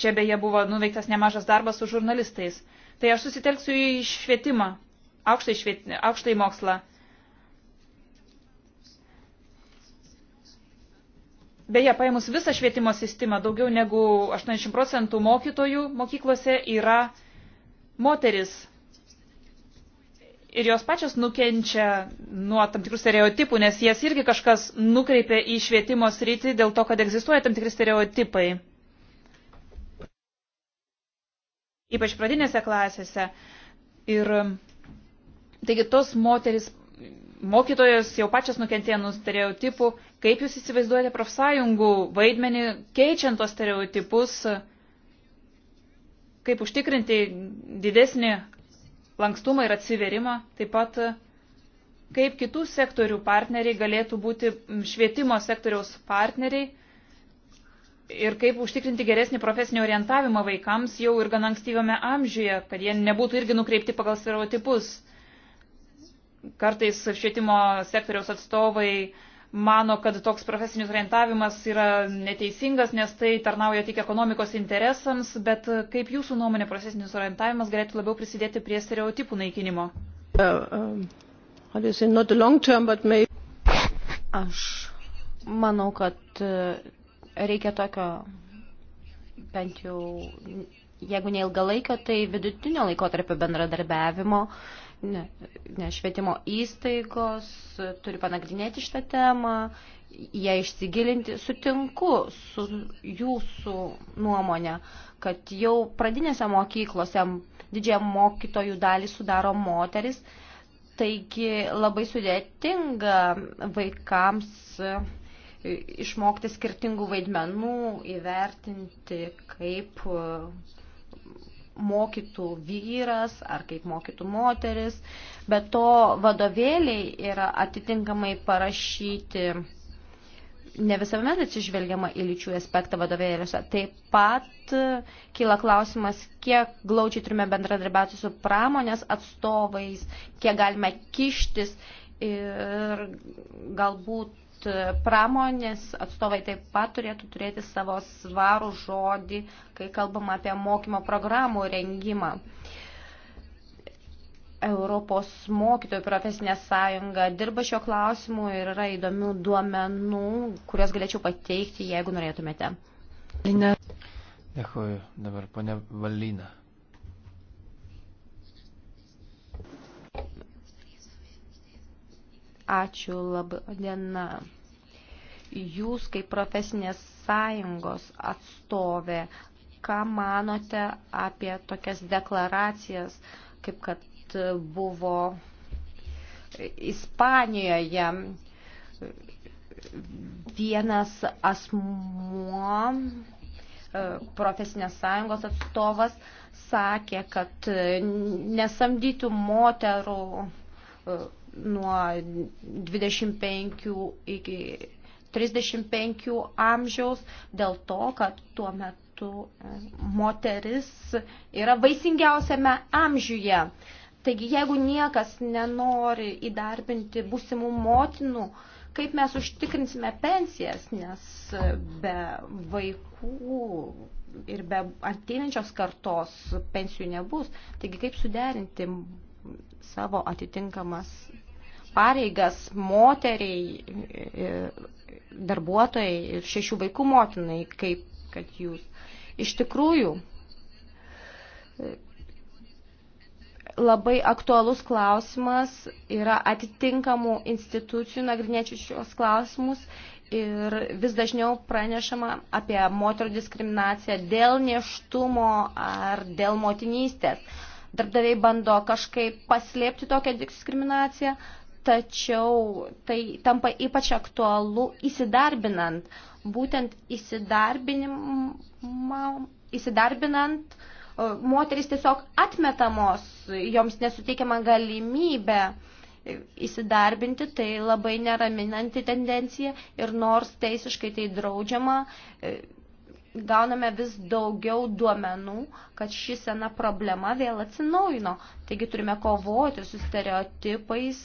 čia beje buvo nuveiktas nemažas darbas su žurnalistais. Tai aš susitelksiu į švietimą, aukštąjį, šviet... aukštąjį mokslą. Beje, paėmus visą švietimo sistemą, daugiau negu 80 procentų mokytojų mokyklose yra moteris. Ir jos pačios nukenčia nuo tam tikrų stereotipų, nes jas irgi kažkas nukreipia į švietimo sritį dėl to, kad egzistuoja tam tikri stereotipai. Ypač pradinėse klasėse. Ir taigi tos moteris mokytojos jau pačios nukentėjo nuo stereotipų. Kaip jūs įsivaizduojate profsąjungų vaidmenį keičiant tos stereotipus? Kaip užtikrinti didesnį lankstumą ir atsiverimą? Taip pat kaip kitų sektorių partneriai galėtų būti švietimo sektoriaus partneriai ir kaip užtikrinti geresnį profesinį orientavimą vaikams jau ir gan ankstyvame amžiuje, kad jie nebūtų irgi nukreipti pagal stereotipus. Kartais švietimo sektoriaus atstovai mano, kad toks profesinis orientavimas yra neteisingas, nes tai tarnauja tik ekonomikos interesams, bet kaip jūsų nuomonė profesinis orientavimas galėtų labiau prisidėti prie stereotipų naikinimo? Uh, um, Aš manau, kad uh, reikia tokio bent jau, jeigu neilgalaikio, tai vidutinio laiko tarp bendradarbiavimo, uh, ne, ne, švietimo įstaigos turi panagrinėti šitą temą, ją išsigilinti. Sutinku su jūsų nuomonė, kad jau pradinėse mokyklose didžiąją mokytojų dalį sudaro moteris, taigi labai sudėtinga vaikams e, išmokti skirtingų vaidmenų, įvertinti, kaip e, mokytų vyras ar kaip mokytų moteris, bet to vadovėliai yra atitinkamai parašyti, ne visuomet atsižvelgiama į lyčių aspektą vadovėliuose. Taip pat kyla klausimas, kiek glaučiai turime bendradarbiauti su pramonės atstovais, kiek galime kištis ir galbūt kad pramonės atstovai taip pat turėtų turėti savo svarų žodį, kai kalbama apie mokymo programų rengimą. Europos mokytojų profesinė sąjunga dirba šio klausimu ir yra įdomių duomenų, kurias galėčiau pateikti, jeigu norėtumėte. Dėkuoju. Dabar ponia Valina. Ačiū labai diena. Jūs kaip profesinės sąjungos atstovė, ką manote apie tokias deklaracijas, kaip kad buvo Ispanijoje vienas asmuo, e, profesinės sąjungos atstovas, sakė, kad nesamdytų moterų e, nuo 25 iki 35 amžiaus dėl to, kad tuo metu e, moteris yra vaisingiausiame amžiuje. Taigi, jeigu niekas nenori įdarbinti būsimų motinų, kaip mes užtikrinsime pensijas, nes e, be vaikų ir be ateinančios kartos pensijų nebus. Taigi, kaip suderinti savo atitinkamas pareigas moteriai, e, darbuotojai ir šešių vaikų motinai, kaip kad jūs. Iš tikrųjų, e, labai aktualus klausimas yra atitinkamų institucijų nagrinėčių šios klausimus ir vis dažniau pranešama apie moterų diskriminaciją dėl neštumo ar dėl motinystės. Darbdaviai bando kažkaip paslėpti tokią diskriminaciją, tačiau tai tampa ypač aktualu įsidarbinant, būtent įsidarbinant moteris tiesiog atmetamos, joms nesuteikiama galimybė įsidarbinti, tai labai neraminanti tendencija ir nors teisiškai tai draudžiama, gauname vis daugiau duomenų, kad ši sena problema vėl atsinaujino. Taigi turime kovoti su stereotipais,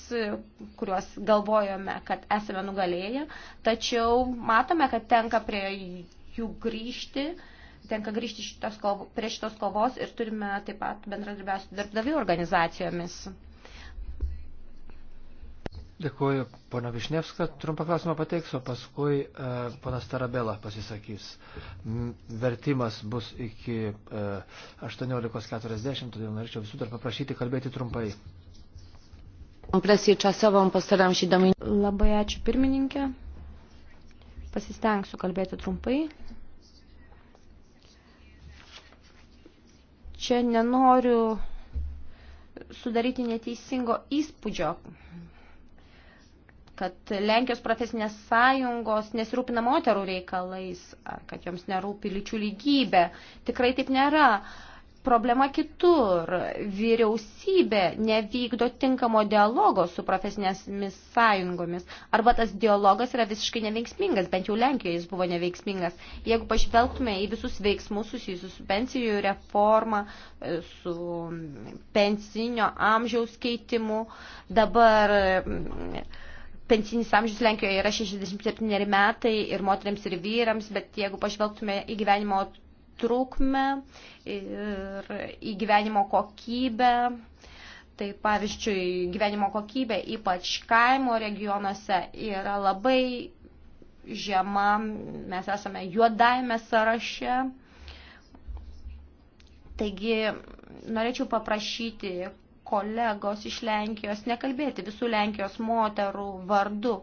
kuriuos galvojome, kad esame nugalėję, tačiau matome, kad tenka prie jų grįžti, tenka grįžti šitos kovo, prie šitos kovos ir turime taip pat bendradarbiauti su darbdavių organizacijomis. Dėkuoju, pana Višnevska, trumpą klausimą pateiks, o paskui e, panas Tarabela pasisakys. Vertimas bus iki e, 18.40, todėl norėčiau visų dar paprašyti kalbėti trumpai. Labai ačiū pirmininkė. Pasistengsiu kalbėti trumpai. Čia nenoriu sudaryti neteisingo įspūdžio kad Lenkijos profesinės sąjungos nesirūpina moterų reikalais, ar kad joms nerūpi lyčių lygybė. Tikrai taip nėra. Problema kitur. Vyriausybė nevykdo tinkamo dialogo su profesinėmis sąjungomis. Arba tas dialogas yra visiškai neveiksmingas, bent jau Lenkijoje jis buvo neveiksmingas. Jeigu pažvelgtume į visus veiksmus susijusius su pensijų reforma, e, su pensinio amžiaus keitimu, dabar pensinis amžius Lenkijoje yra 67 metai ir moteriams ir vyrams, bet jeigu pažvelgtume į gyvenimo trukmę ir į gyvenimo kokybę, tai pavyzdžiui, gyvenimo kokybė ypač kaimo regionuose yra labai žema, mes esame juodajame sąraše. Taigi norėčiau paprašyti kolegos iš Lenkijos nekalbėti visų Lenkijos moterų vardu,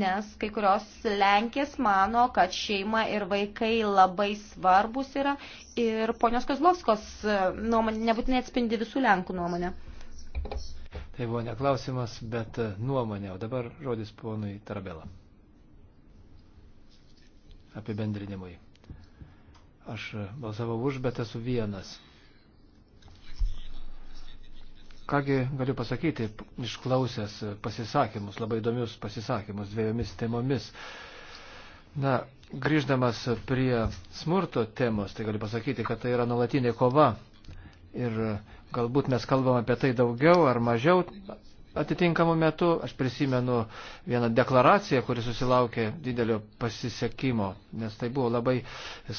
nes kai kurios Lenkės mano, kad šeima ir vaikai labai svarbus yra ir ponios Kozlovskos e, nuomonė nebūtinai atspindi visų Lenkų nuomonę. Tai buvo neklausimas, bet e, nuomonė, o dabar žodis ponui Tarabela. Apibendrinimui. Aš e, balsavau už, bet esu vienas. Kągi galiu pasakyti, išklausęs pasisakymus, labai įdomius pasisakymus dviejomis temomis. Na, grįždamas prie smurto temos, tai galiu pasakyti, kad tai yra nuolatinė kova. Ir galbūt mes kalbam apie tai daugiau ar mažiau atitinkamu metu. Aš prisimenu vieną deklaraciją, kuri susilaukė didelio pasisekimo, nes tai buvo labai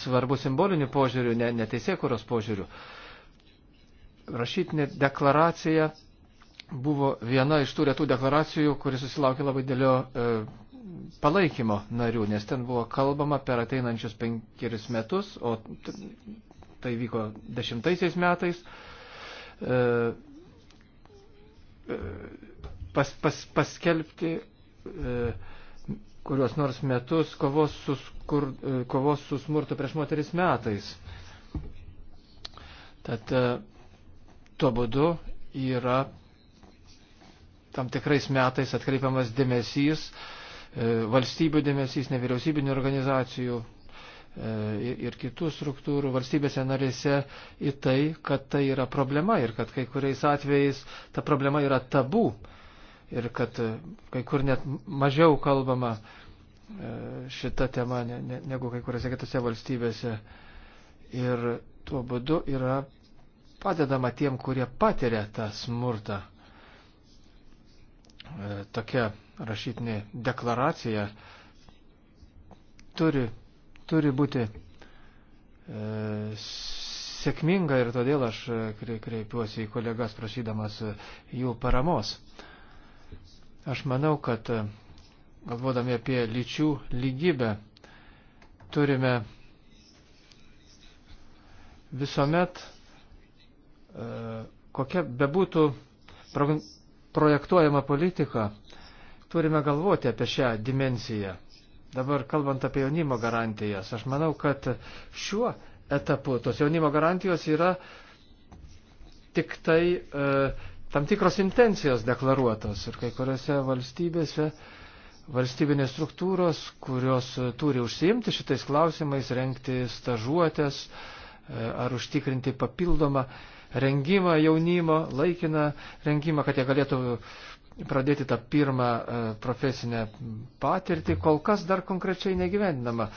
svarbu simboliniu požiūriu, ne, ne teisėkuros požiūriu. Uh, rašytinė deklaracija buvo viena iš tų retų deklaracijų, kuri susilaukė labai dėlio e, palaikymo narių, nes ten buvo kalbama per ateinančius penkerius metus, o tai vyko dešimtaisiais metais. E, e, pas, pas, paskelbti e, kuriuos nors metus kovos su, skur, e, kovos su smurtu prieš moteris metais. Tad e, Tuo būdu yra tam tikrais metais atkreipiamas dėmesys, e, valstybių dėmesys, nevyriausybinių organizacijų e, ir kitų struktūrų valstybėse narėse į tai, kad tai yra problema ir kad kai kuriais atvejais ta problema yra tabu ir kad e, kai kur net mažiau kalbama šita tema negu kai kuriuose kitose valstybėse. Ir tuo būdu yra padedama tiem, kurie patiria tą smurtą. E, tokia rašytinė deklaracija turi, turi būti e, sėkminga ir todėl aš e, kreipiuosi į kolegas prašydamas jų paramos. Aš manau, kad galvodami apie lyčių lygybę turime visuomet kokia bebūtų projektuojama politika, turime galvoti apie šią dimenciją. Dabar kalbant apie jaunimo garantijas, aš manau, kad šiuo etapu tos jaunimo garantijos yra tik tai e, tam tikros intencijos deklaruotos ir kai kuriuose valstybėse valstybinės struktūros, kurios turi užsiimti šitais klausimais, renkti stažuotės e, ar užtikrinti papildomą e, rengimą jaunimo, laikiną rengimą, kad jie galėtų pradėti tą pirmą e, profesinę patirtį, kol kas dar konkrečiai negyvendinama.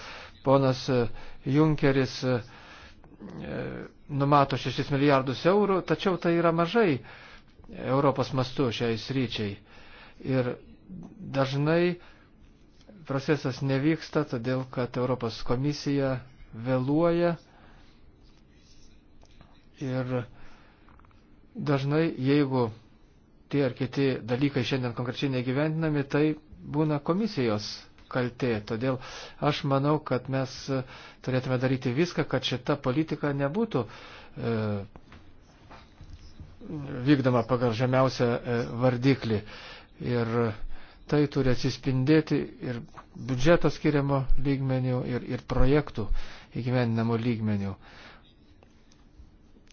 Ponas e, Junkeris e, numato 6 milijardus eurų, tačiau tai yra mažai Europos mastu šiai sryčiai. Ir dažnai procesas nevyksta, todėl kad Europos komisija vėluoja ir Dažnai, jeigu tie ar kiti dalykai šiandien konkrečiai negyvendinami, tai būna komisijos kaltė. Todėl aš manau, kad mes e, turėtume daryti viską, kad šita politika nebūtų e, vykdoma pagal žemiausią e, vardiklį. Ir tai turi atsispindėti ir biudžeto skiriamo lygmenių, ir, ir projektų įgyvendinamų lygmenių. E,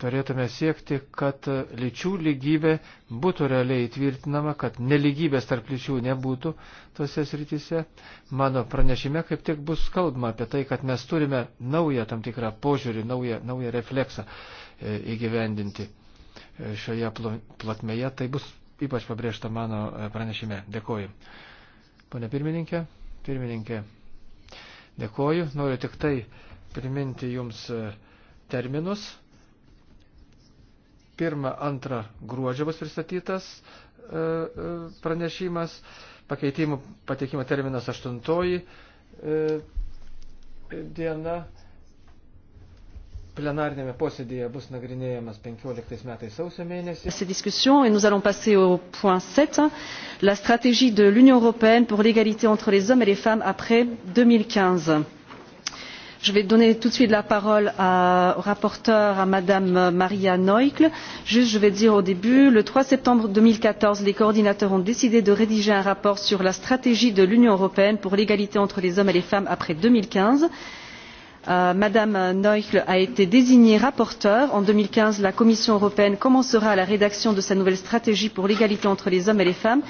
turėtume siekti, kad lyčių lygybė būtų realiai įtvirtinama, kad neligybės tarp lyčių nebūtų tose srityse. Mano pranešime kaip tik bus kalbama apie tai, kad mes turime naują tam tikrą požiūrį, naują, naują refleksą e, įgyvendinti e, šioje plotmėje. Tai bus ypač pabrėžta mano e, pranešime. Dėkoju. Pone pirmininkė, pirmininkė, dėkoju. Noriu tik tai priminti jums terminus 1-2 gruodžio bus pristatytas e, e, pranešimas, pakeitimų pateikimo terminas 8 e, diena, plenarinėme posėdėje bus nagrinėjamas 15 metais sausio mėnesį. Ces discussions et nous allons passer au point 7, la stratégie de l'Union européenne pour l'égalité entre les hommes et les femmes après 2015 je vais donner tout de suite la parole à, au rapporteur à mme maria noichl. juste je vais dire au début le trois septembre deux mille quatorze les coordinateurs ont décidé de rédiger un rapport sur la stratégie de l'union européenne pour l'égalité entre les hommes et les femmes après deux mille quinze euh, mme noichl a été désignée rapporteure. en deux mille quinze la commission européenne commencera la rédaction de sa nouvelle stratégie pour l'égalité entre les hommes et les femmes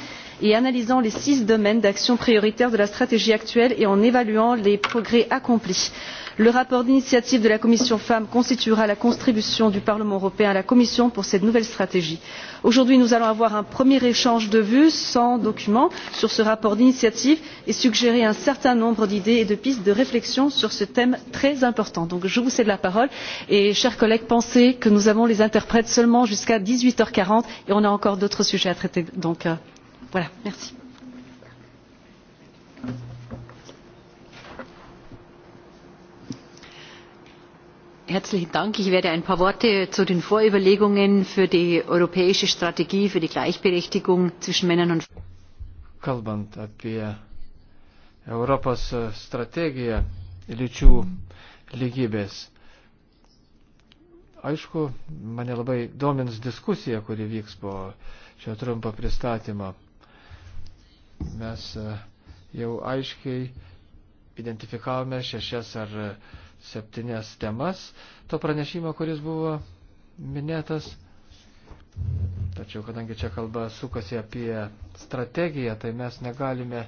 et analysant les six domaines d'action prioritaires de la stratégie actuelle et en évaluant les progrès accomplis. le rapport d'initiative de la commission femm constituera la contribution du parlement européen à la commission pour cette nouvelle stratégie. aujourd'hui nous allons avoir un premier échange de vues sans document sur ce rapport d'initiative et suggérer un certain nombre d'idées et de pistes de réflexion sur ce thème très important. donc je vous cède la parole et chers collègues pensez que nous avons les interprètes seulement jusqu'à dix huit h quarante et on a encore d'autres sujets à traiter donc euh, Voilà, merci. Herzlichen Dank. Ich werde ein paar Worte zu den Vorüberlegungen für die europäische Strategie für die Gleichberechtigung zwischen Männern und Frauen. Kalbant apie Europos strategiją lyčių lygybės. Aišku, mane labai domins diskusija, kuri vyks po šio trumpo pristatymo. Mes e, jau aiškiai identifikavome šešias ar septynes temas to pranešimo, kuris buvo minėtas. Tačiau, kadangi čia kalba sukasi apie strategiją, tai mes negalime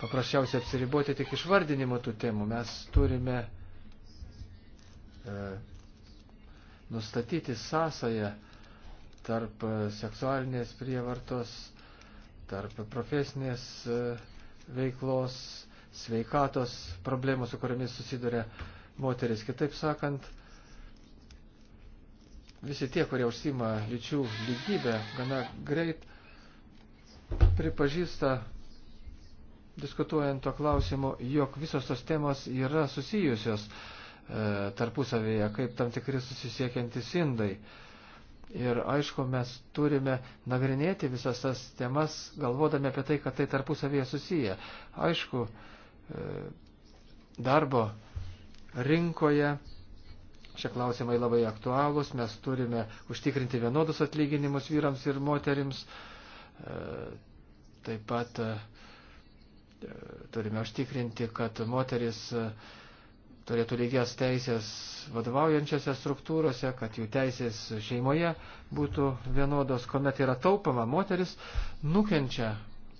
paprasčiausiai apsiriboti tik išvardinimo tų temų. Mes turime e, nustatyti sąsąją tarp seksualinės prievartos, tarp profesinės e, veiklos, sveikatos problemų, su kuriamis susiduria moteris. Kitaip sakant, visi tie, kurie užsima lyčių lygybę, gana greit pripažįsta, diskutuojant to klausimu, jog visos tos temos yra susijusios e, tarpusavėje, kaip tam tikri susisiekiantys indai. E, Ir aišku, mes turime nagrinėti visas tas temas, galvodami apie tai, kad tai tarpusavėje susiję. Aišku, e, darbo rinkoje šie klausimai labai aktualūs, mes turime užtikrinti vienodus atlyginimus vyrams ir moterims, e, taip pat e, turime užtikrinti, kad moteris turėtų lygias teisės vadovaujančiose struktūrose, kad jų teisės šeimoje būtų vienodos, kuomet yra taupama, moteris nukenčia,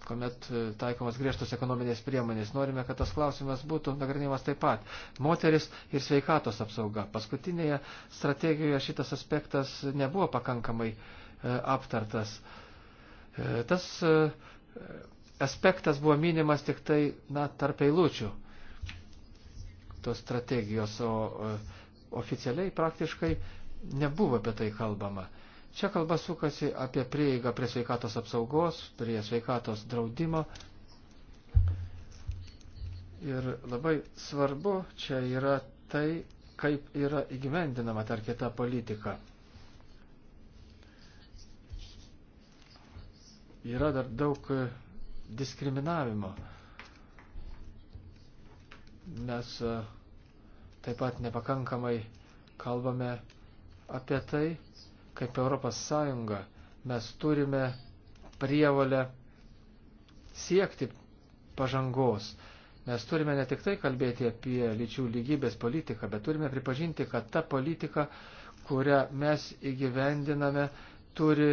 kuomet taikomas griežtos ekonominės priemonės. Norime, kad tas klausimas būtų nagrinimas taip pat. Moteris ir sveikatos apsauga. Paskutinėje strategijoje šitas aspektas nebuvo pakankamai e, aptartas. E, tas e, aspektas buvo minimas tik tai, na, tarp eilučių tos strategijos, o oficialiai praktiškai nebuvo apie tai kalbama. Čia kalba sukasi apie prieigą prie sveikatos apsaugos, prie sveikatos draudimo. Ir labai svarbu čia yra tai, kaip yra įgyvendinama tar kita politika. Yra dar daug diskriminavimo. Mes e, taip pat nepakankamai kalbame apie tai, kaip Europos Sąjunga mes turime prievalę siekti pažangos. Mes turime ne tik tai kalbėti apie lyčių lygybės politiką, bet turime pripažinti, kad ta politika, kurią mes įgyvendiname, turi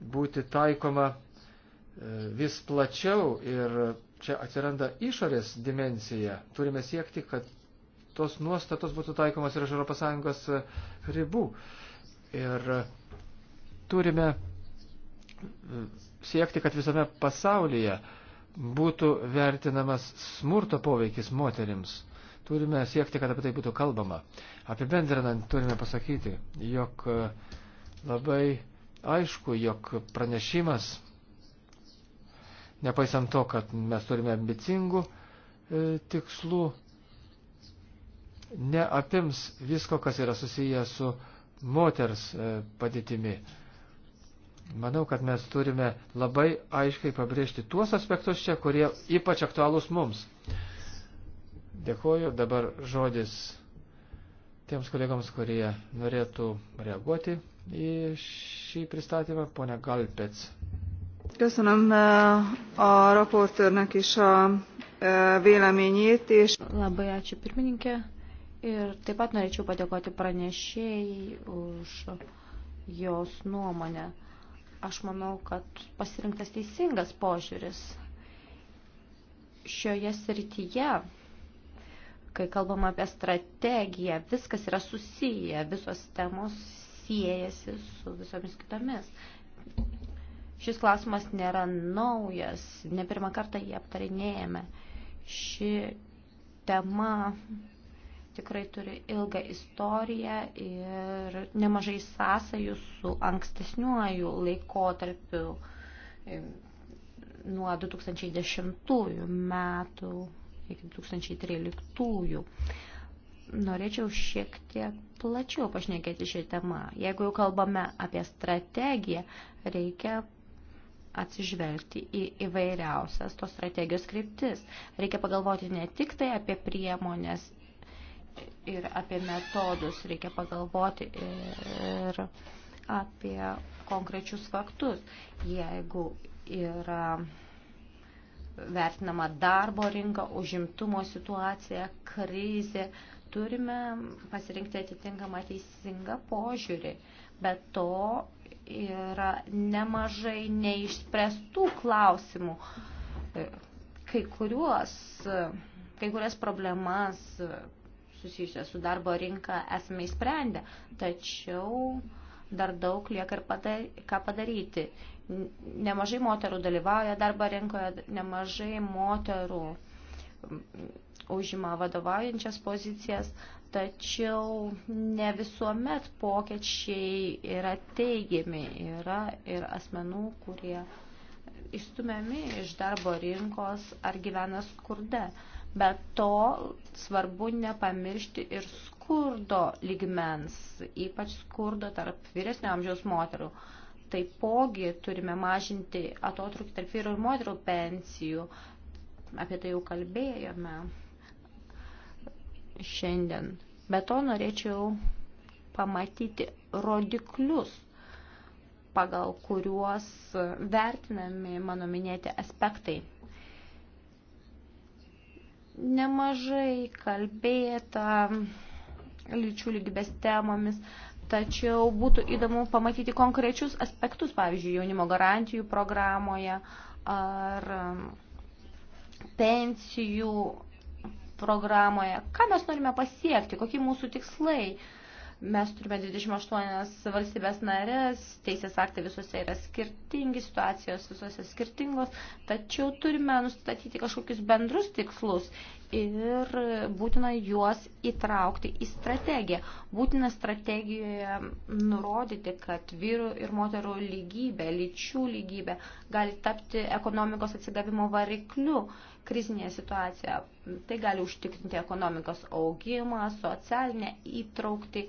būti taikoma e, vis plačiau ir čia atsiranda išorės dimencija. Turime siekti, kad tos nuostatos būtų taikomas ir iš ES ribų. Ir turime e, siekti, kad visame pasaulyje būtų vertinamas smurto poveikis moterims. Turime siekti, kad apie tai būtų kalbama. Apibendrinant, turime pasakyti, jog e, labai aišku, jog pranešimas nepaisant to, kad mes turime ambicingų e, tikslų, neapims visko, kas yra susiję su moters e, padėtimi. Manau, kad mes turime labai aiškiai pabrėžti tuos aspektus čia, kurie ypač aktualūs mums. Dėkuoju, dabar žodis tiems kolegams, kurie norėtų reaguoti į šį pristatymą, ponia Galpets. Köszönöm eh, a raportőrnek is a eh, véleményét. És... Labai ačiū pirmininkė ir taip pat norėčiau padėkoti pranešėjai už jos nuomonę. Aš manau, kad pasirinktas teisingas požiūris šioje srityje, kai kalbam apie strategiją, viskas yra susiję, visos temos siejasi su visomis kitomis. Šis klausimas nėra naujas, ne pirmą kartą jį aptarinėjame. Ši tema tikrai turi ilgą istoriją ir nemažai sąsajų su ankstesniuoju laikotarpiu nuo 2010 metų iki 2013. Norėčiau šiek tiek plačiau pašnekėti šią temą. Jeigu jau kalbame apie strategiją, reikia atsižvelgti į įvairiausias tos strategijos kryptis. Reikia pagalvoti ne tik tai apie priemonės ir apie metodus, reikia pagalvoti ir apie konkrečius faktus. Jeigu yra vertinama darbo rinka, užimtumo situacija, krizė, turime pasirinkti atitinkamą teisingą požiūrį. Bet to yra nemažai neišspręstų klausimų. Kai, kuriuos, kai kurias problemas susijusias su darbo rinka esame įsprendę, tačiau dar daug lieka ir padar, ką padaryti. Nemažai moterų dalyvauja darbo rinkoje, nemažai moterų užima vadovaujančias pozicijas. Uh, tačiau ne visuomet pokyčiai yra teigiami. Yra ir asmenų, kurie išstumiami iš darbo rinkos ar gyvena skurde. Bet to svarbu nepamiršti ir skurdo ligmens, ypač skurdo tarp vyresnio amžiaus moterų. Taipogi turime mažinti atotrukį tarp vyrų ir moterų pensijų. Apie tai jau kalbėjome šiandien. Be to norėčiau pamatyti rodiklius, pagal kuriuos vertinami mano minėti aspektai. Nemažai kalbėta lyčių lygybės temomis, tačiau būtų įdomu pamatyti konkrečius aspektus, pavyzdžiui, jaunimo garantijų programoje ar pensijų programoje, ką mes norime pasiekti, kokie mūsų tikslai. Mes turime 28 valstybės narės, teisės aktai visose yra skirtingi, situacijos visose skirtingos, tačiau turime nustatyti kažkokius bendrus tikslus ir būtina juos įtraukti į strategiją. Būtina strategijoje nurodyti, kad vyrų ir moterų lygybė, lyčių lygybė gali tapti ekonomikos atsigavimo varikliu krizinėje situacijoje. Tai gali užtikrinti ekonomikos augimą, socialinę įtraukti.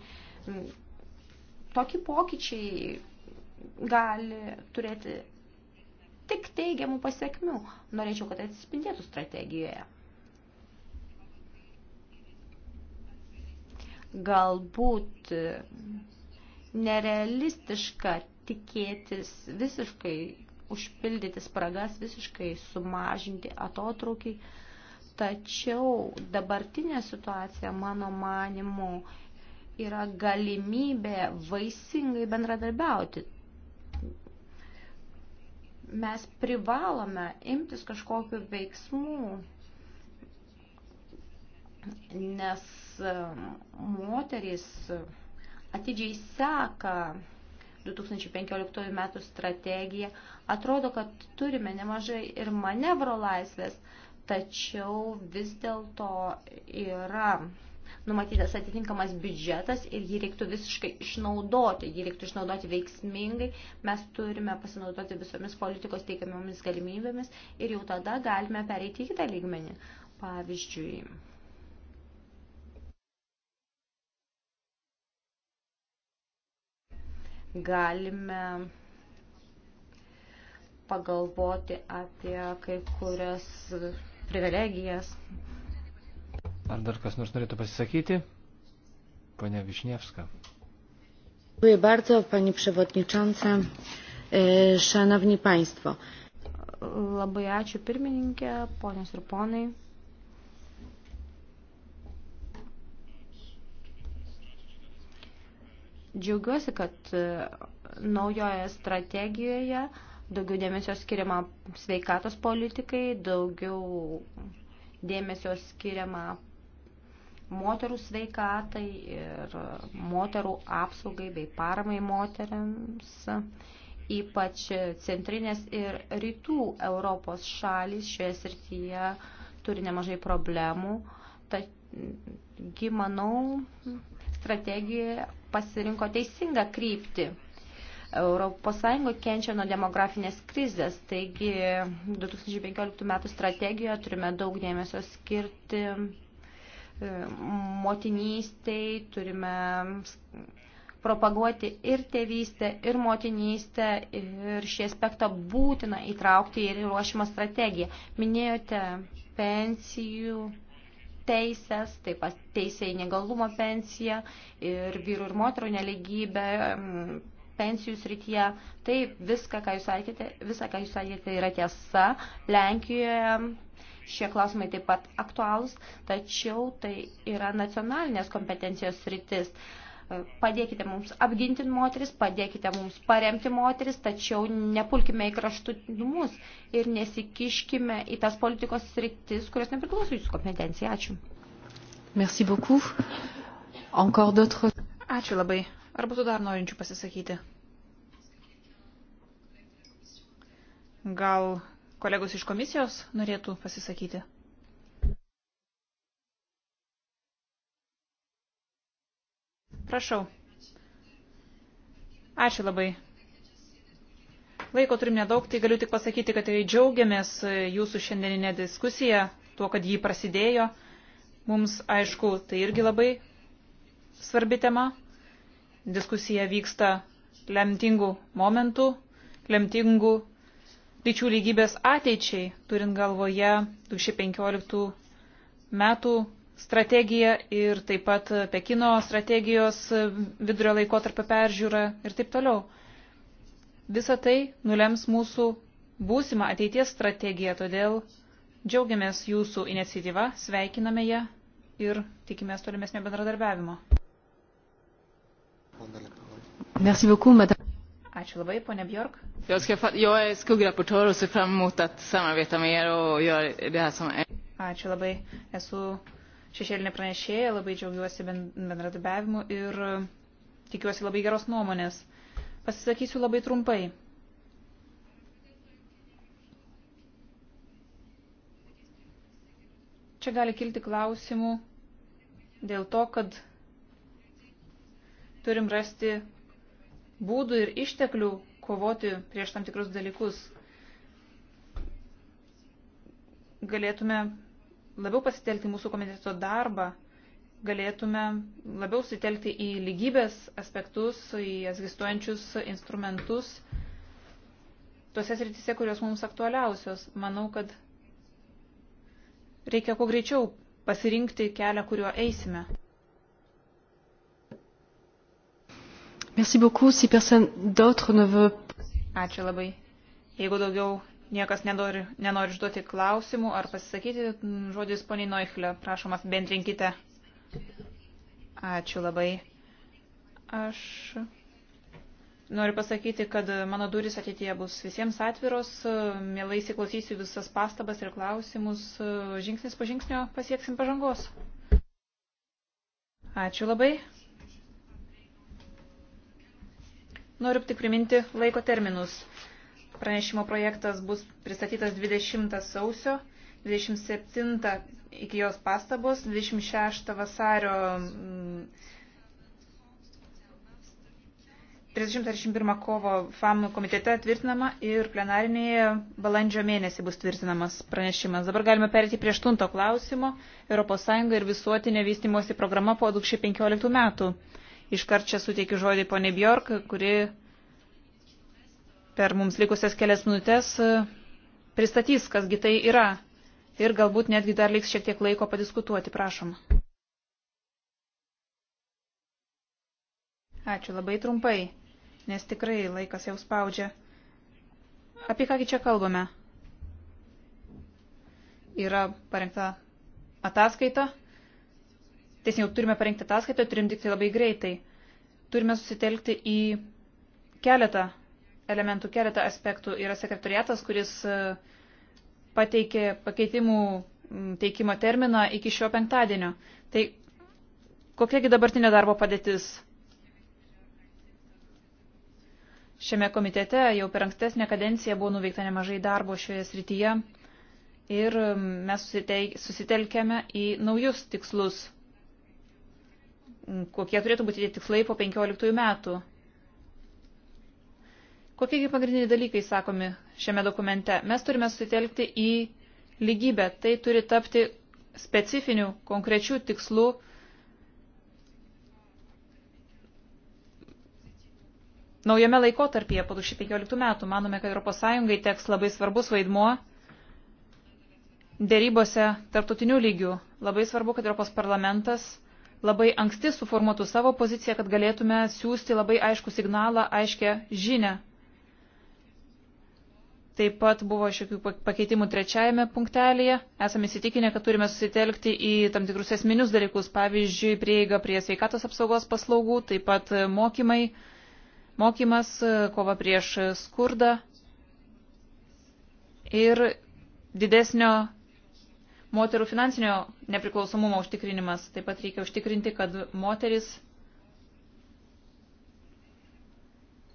Tokie pokyčiai gali turėti tik teigiamų pasiekmių. Norėčiau, kad tai atsispindėtų strategijoje. galbūt nerealistiška tikėtis visiškai užpildyti spragas, visiškai sumažinti atotrukį. Tačiau dabartinė situacija, mano manimu, yra galimybė vaisingai bendradarbiauti. Mes privalome imtis kažkokiu veiksmu, nes moterys atidžiai seka 2015 metų strategiją. Atrodo, kad turime nemažai ir manevro laisvės, tačiau vis dėlto yra numatytas atitinkamas biudžetas ir jį reiktų visiškai išnaudoti, jį reiktų išnaudoti veiksmingai, mes turime pasinaudoti visomis politikos teikiamomis galimybėmis ir jau tada galime pereiti į kitą lygmenį. Pavyzdžiui, galime pagalvoti apie kai kurias privilegijas. Ar dar kas nors norėtų pasisakyti? Pane Višnievska. Dziękuję bardzo, Pani Przewodnicząca, e, Szanowni Państwo. Labai ačiū pirmininkė, ponios ir ponai. Džiaugiuosi, kad e, naujoje strategijoje daugiau dėmesio skiriama sveikatos politikai, daugiau dėmesio skiriama moterų sveikatai ir moterų apsaugai bei paramai moteriams. Ypač centrinės ir rytų Europos šalys šioje srtyje turi nemažai problemų. Taigi, manau, strategijoje pasirinko teisingą kryptį. ES kenčia nuo demografinės krizės, taigi 2015 metų strategijoje turime daug dėmesio skirti e, motinystiai, turime propaguoti ir tėvystę, ir motinystę, ir šį aspektą būtina įtraukti ir ruošimą strategiją. Minėjote pensijų teisės, taip pat teisė į negalumo pensiją ir vyrų ir moterų neligybę mm, pensijų srityje. Taip, viską, ką jūs sakėte, visą, ką jūs sakėte, yra tiesa. Lenkijoje šie klausimai taip pat aktualūs, tačiau tai yra nacionalinės kompetencijos sritis. Uh, Padėkite mums apginti moteris, padėkite mums paremti moteris, tačiau nepulkime į kraštutinumus ir nesikiškime į tas politikos sritis, kurios nepriklauso jūsų kompetencijai. Ačiū. Merci beaucoup. Encore d'autres. Ačiū labai. Ar būtų dar norinčių pasisakyti? Gal kolegos iš komisijos norėtų pasisakyti? Prašau. Ačiū labai. Laiko turim nedaug, tai galiu tik pasakyti, kad tai džiaugiamės e, jūsų šiandieninę diskusiją, tuo, kad jį prasidėjo. Mums, aišku, tai irgi labai svarbi tema. Diskusija vyksta lemtingų momentų, lemtingų lyčių lygybės ateičiai, turint galvoje 2015 metų strategija ir taip pat Pekino strategijos vidurio laikotarpio peržiūra ir taip toliau. Visa tai nulems mūsų būsimą ateities strategiją, todėl džiaugiamės jūsų iniciatyva, sveikiname ją ir tikimės tolimesnio bendradarbiavimo. Merci beaucoup, madame. Ačiū labai, ponia Bjork. Jag är skuggrapportör och ser fram emot att samarbeta med er och göra det här som är. Ačiū labai. Esu šešėlinė pranešėja, labai džiaugiuosi bendradarbiavimu ir tikiuosi labai geros nuomonės. Pasisakysiu labai trumpai. Čia gali kilti klausimų dėl to, kad turim rasti būdų ir išteklių kovoti prieš tam tikrus dalykus. Galėtume labiau pasitelkti mūsų komiteto darbą, galėtume labiau sutelkti į lygybės aspektus, į egzistuojančius instrumentus, tose srityse, kurios mums aktualiausios. Manau, kad reikia kuo greičiau pasirinkti kelią, kuriuo eisime. Merci beaucoup, si personne d'autre ne veut. Ačiū labai. Jeigu daugiau Niekas nenori, nenori išduoti klausimų ar pasisakyti. Žodis poniai Noichlio, prašom apibendrinkite. Ačiū labai. Aš noriu pasakyti, kad mano duris ateityje bus visiems atviros. Mielai įsiklausysiu visas pastabas ir klausimus. Žingsnis po žingsnio pasieksim pažangos. Ačiū labai. Noriu tik priminti laiko terminus. Pranešimo projektas bus pristatytas 20 sausio, 27 iki jos pastabos, 26 vasario 31 mm, kovo FAM komitete tvirtinama ir plenarinėje balandžio mėnesį bus tvirtinamas pranešimas. Dabar galime perėti prie 8 klausimo ES ir visuotinė vystimosi programa po 2015 metų. Iškart čia suteikiu žodį ponė Bjork, kuri per mums likusias kelias minutės e, pristatys, kasgi tai yra. Ir galbūt netgi dar liks šiek tiek laiko padiskutuoti, prašom. Ačiū labai trumpai, nes tikrai laikas jau spaudžia. Apie kągi čia kalbame? Yra parengta ataskaita. Tiesiog turime parengti ataskaitą, turim dikti labai greitai. Turime susitelkti į keletą elementų, keletą aspektų. Yra sekretariatas, kuris e, pateikė pakeitimų teikimo terminą iki šio penktadienio. Tai kokiagi dabartinė darbo padėtis? Šiame komitete jau per ankstesnę kadenciją buvo nuveikta nemažai darbo šioje srityje ir mes susitelkėme į naujus tikslus. Kokie turėtų būti tie tikslai po 15 metų? Kokie pagrindiniai dalykai sakomi šiame dokumente? Mes turime susitelkti į lygybę. Tai turi tapti specifinių, konkrečių tikslų naujame laikotarpyje po 2015 metų. Manome, kad ES teks labai svarbus vaidmuo dėrybose tarptautinių lygių. Labai svarbu, kad Europos parlamentas labai anksti suformuotų savo poziciją, kad galėtume siūsti labai aišku signalą, aiškę žinę Taip pat buvo šiokių pakeitimų trečiajame punktelėje. Esame įsitikinę, kad turime susitelkti į tam tikrus esminius dalykus, pavyzdžiui, prieiga prie sveikatos apsaugos paslaugų, taip pat e, mokymai, mokymas, e, kova prieš skurdą ir didesnio moterų finansinio nepriklausomumo užtikrinimas. Taip pat reikia užtikrinti, kad moteris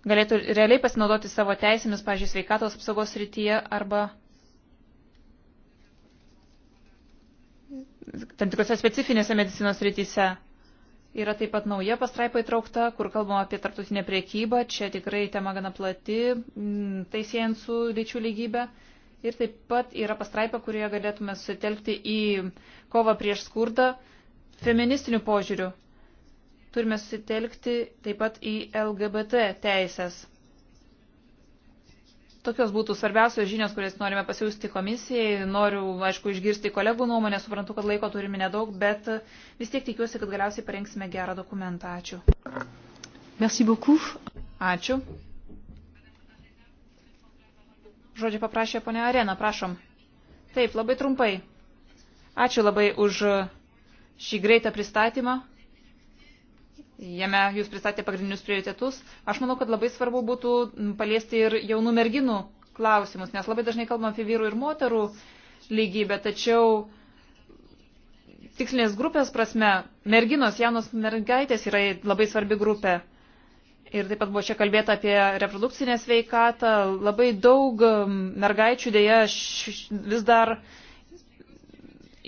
galėtų realiai pasinaudoti savo teisėmis, pažiūrėjau, sveikatos apsaugos rytyje arba tam tikrose specifinėse medicinos rytyse. Yra taip pat nauja pastraipa įtraukta, kur kalbama apie tarptautinę priekybą, čia tikrai tema gana plati, mm, tai siejant su lyčių lygybė. Ir taip pat yra pastraipa, kurioje galėtume sutelkti į kovą prieš skurdą feministinių požiūrių turime susitelkti taip pat į LGBT teisės. Tokios būtų svarbiausios žinios, kurias norime pasiūsti komisijai. Noriu, aišku, išgirsti kolegų nuomonę, suprantu, kad laiko turime nedaug, bet vis tiek tikiuosi, kad galiausiai parengsime gerą dokumentą. Ačiū. Merci beaucoup. Ačiū. Žodžiu paprašė ponia Arena, prašom. Taip, labai trumpai. Ačiū labai už šį greitą pristatymą. Jame jūs pristatė pagrindinius prioritetus. Aš manau, kad labai svarbu būtų paliesti ir jaunų merginų klausimus, nes labai dažnai kalbam apie vyrų ir moterų lygybę, tačiau tikslinės grupės prasme merginos, jaunos mergaitės yra labai svarbi grupė. Ir taip pat buvo čia kalbėta apie reprodukcinę sveikatą. Labai daug um, mergaičių dėja vis dar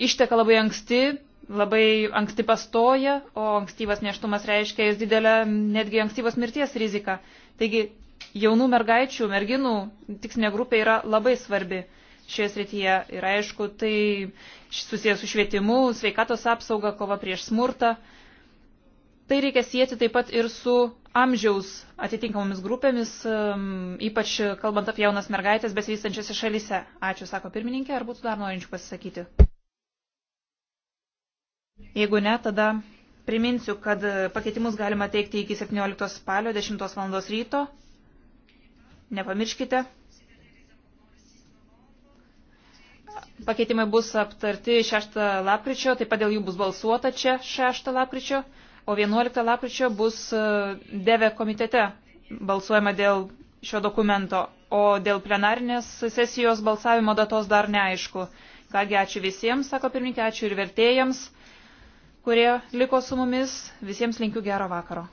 išteka labai anksti labai anksti pastoja, o ankstyvas neštumas reiškia jis didelę netgi ankstyvos mirties riziką. Taigi jaunų mergaičių, merginų tikslinė grupė yra labai svarbi šioje srityje. Ir aišku, tai susijęs su švietimu, sveikatos apsauga, kova prieš smurtą. Tai reikia sieti taip pat ir su amžiaus atitinkamomis grupėmis, um, ypač kalbant apie jaunas mergaitės besivystančiose šalyse. Ačiū, sako pirmininkė, ar būtų dar norinčių pasisakyti? Jeigu ne, tada priminsiu, kad pakeitimus galima teikti iki 17 spalio 10 val. ryto. Nepamirškite. Pakeitimai bus aptarti 6 lapkričio, taip pat dėl jų bus balsuota čia 6 lapkričio, o 11 lapkričio bus e, DEVE komitete balsuojama dėl šio dokumento, o dėl plenarinės sesijos balsavimo datos dar neaišku. Kągi ačiū visiems, sako pirmininkė, ačiū ir vertėjams kurie liko su mumis visiems linkiu gero vakaro